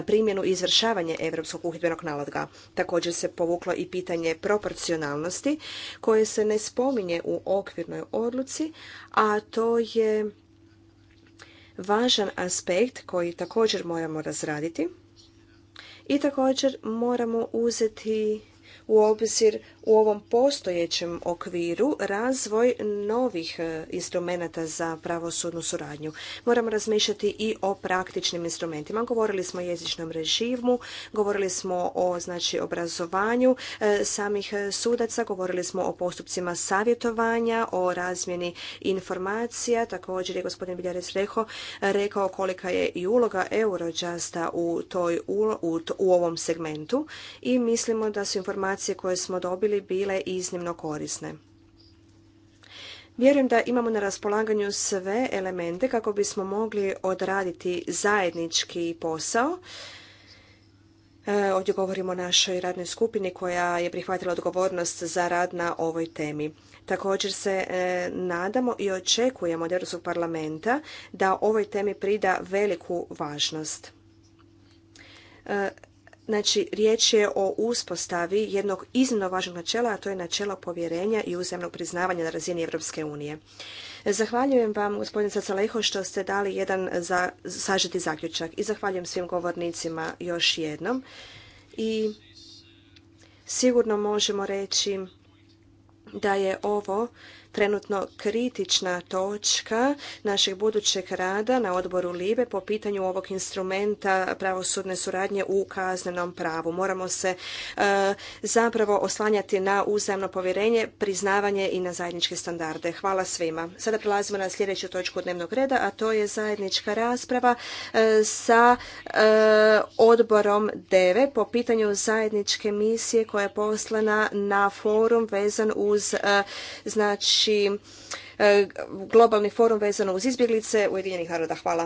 primjenu i izvršavanje Europskog uhidbenog naloga. Također se povuklo i pitanje proporcionalnosti koje se ne spominje u okvirnoj odluci, a to je važan aspekt koji također moramo razraditi i također moramo uzeti u obzir u ovom postojećem okviru razvoj novih e, instrumenata za pravosudnu suradnju. Moramo razmišljati i o praktičnim instrumentima. Govorili smo o jezičnom režimu, govorili smo o znači, obrazovanju e, samih e, sudaca, govorili smo o postupcima savjetovanja, o razmjeni informacija. Također je gospodin Biljarec rekao, rekao kolika je i uloga Eurojusta u, toj, u, u, u ovom segmentu i mislimo da su informacije koje smo dobili bile iznimno korisne. Vjerujem da imamo na raspolaganju sve elemente kako bismo mogli odraditi zajednički posao. E, ovdje govorimo o našoj radnoj skupini koja je prihvatila odgovornost za rad na ovoj temi. Također se e, nadamo i očekujemo od Europskog parlamenta da ovoj temi prida veliku važnost. E, Znači, riječ je o uspostavi jednog iznimno važnog načela, a to je načelo povjerenja i uzemnog priznavanja na razini Europske unije. Zahvaljujem vam, gospodin Sacaleho, što ste dali jedan za, sažeti zaključak i zahvaljujem svim govornicima još jednom. I sigurno možemo reći da je ovo trenutno kritična točka našeg budućeg rada na odboru Libe po pitanju ovog instrumenta pravosudne suradnje u kaznenom pravu. Moramo se e, zapravo oslanjati na uzajamno povjerenje, priznavanje i na zajedničke standarde. Hvala svima. Sada prelazimo na sljedeću točku dnevnog reda, a to je zajednička rasprava e, sa e, odborom DEVE po pitanju zajedničke misije koja je poslana na forum vezan uz znači i znači, e, globalni forum vezano uz izbjeglice Ujedinjenih naroda. Hvala.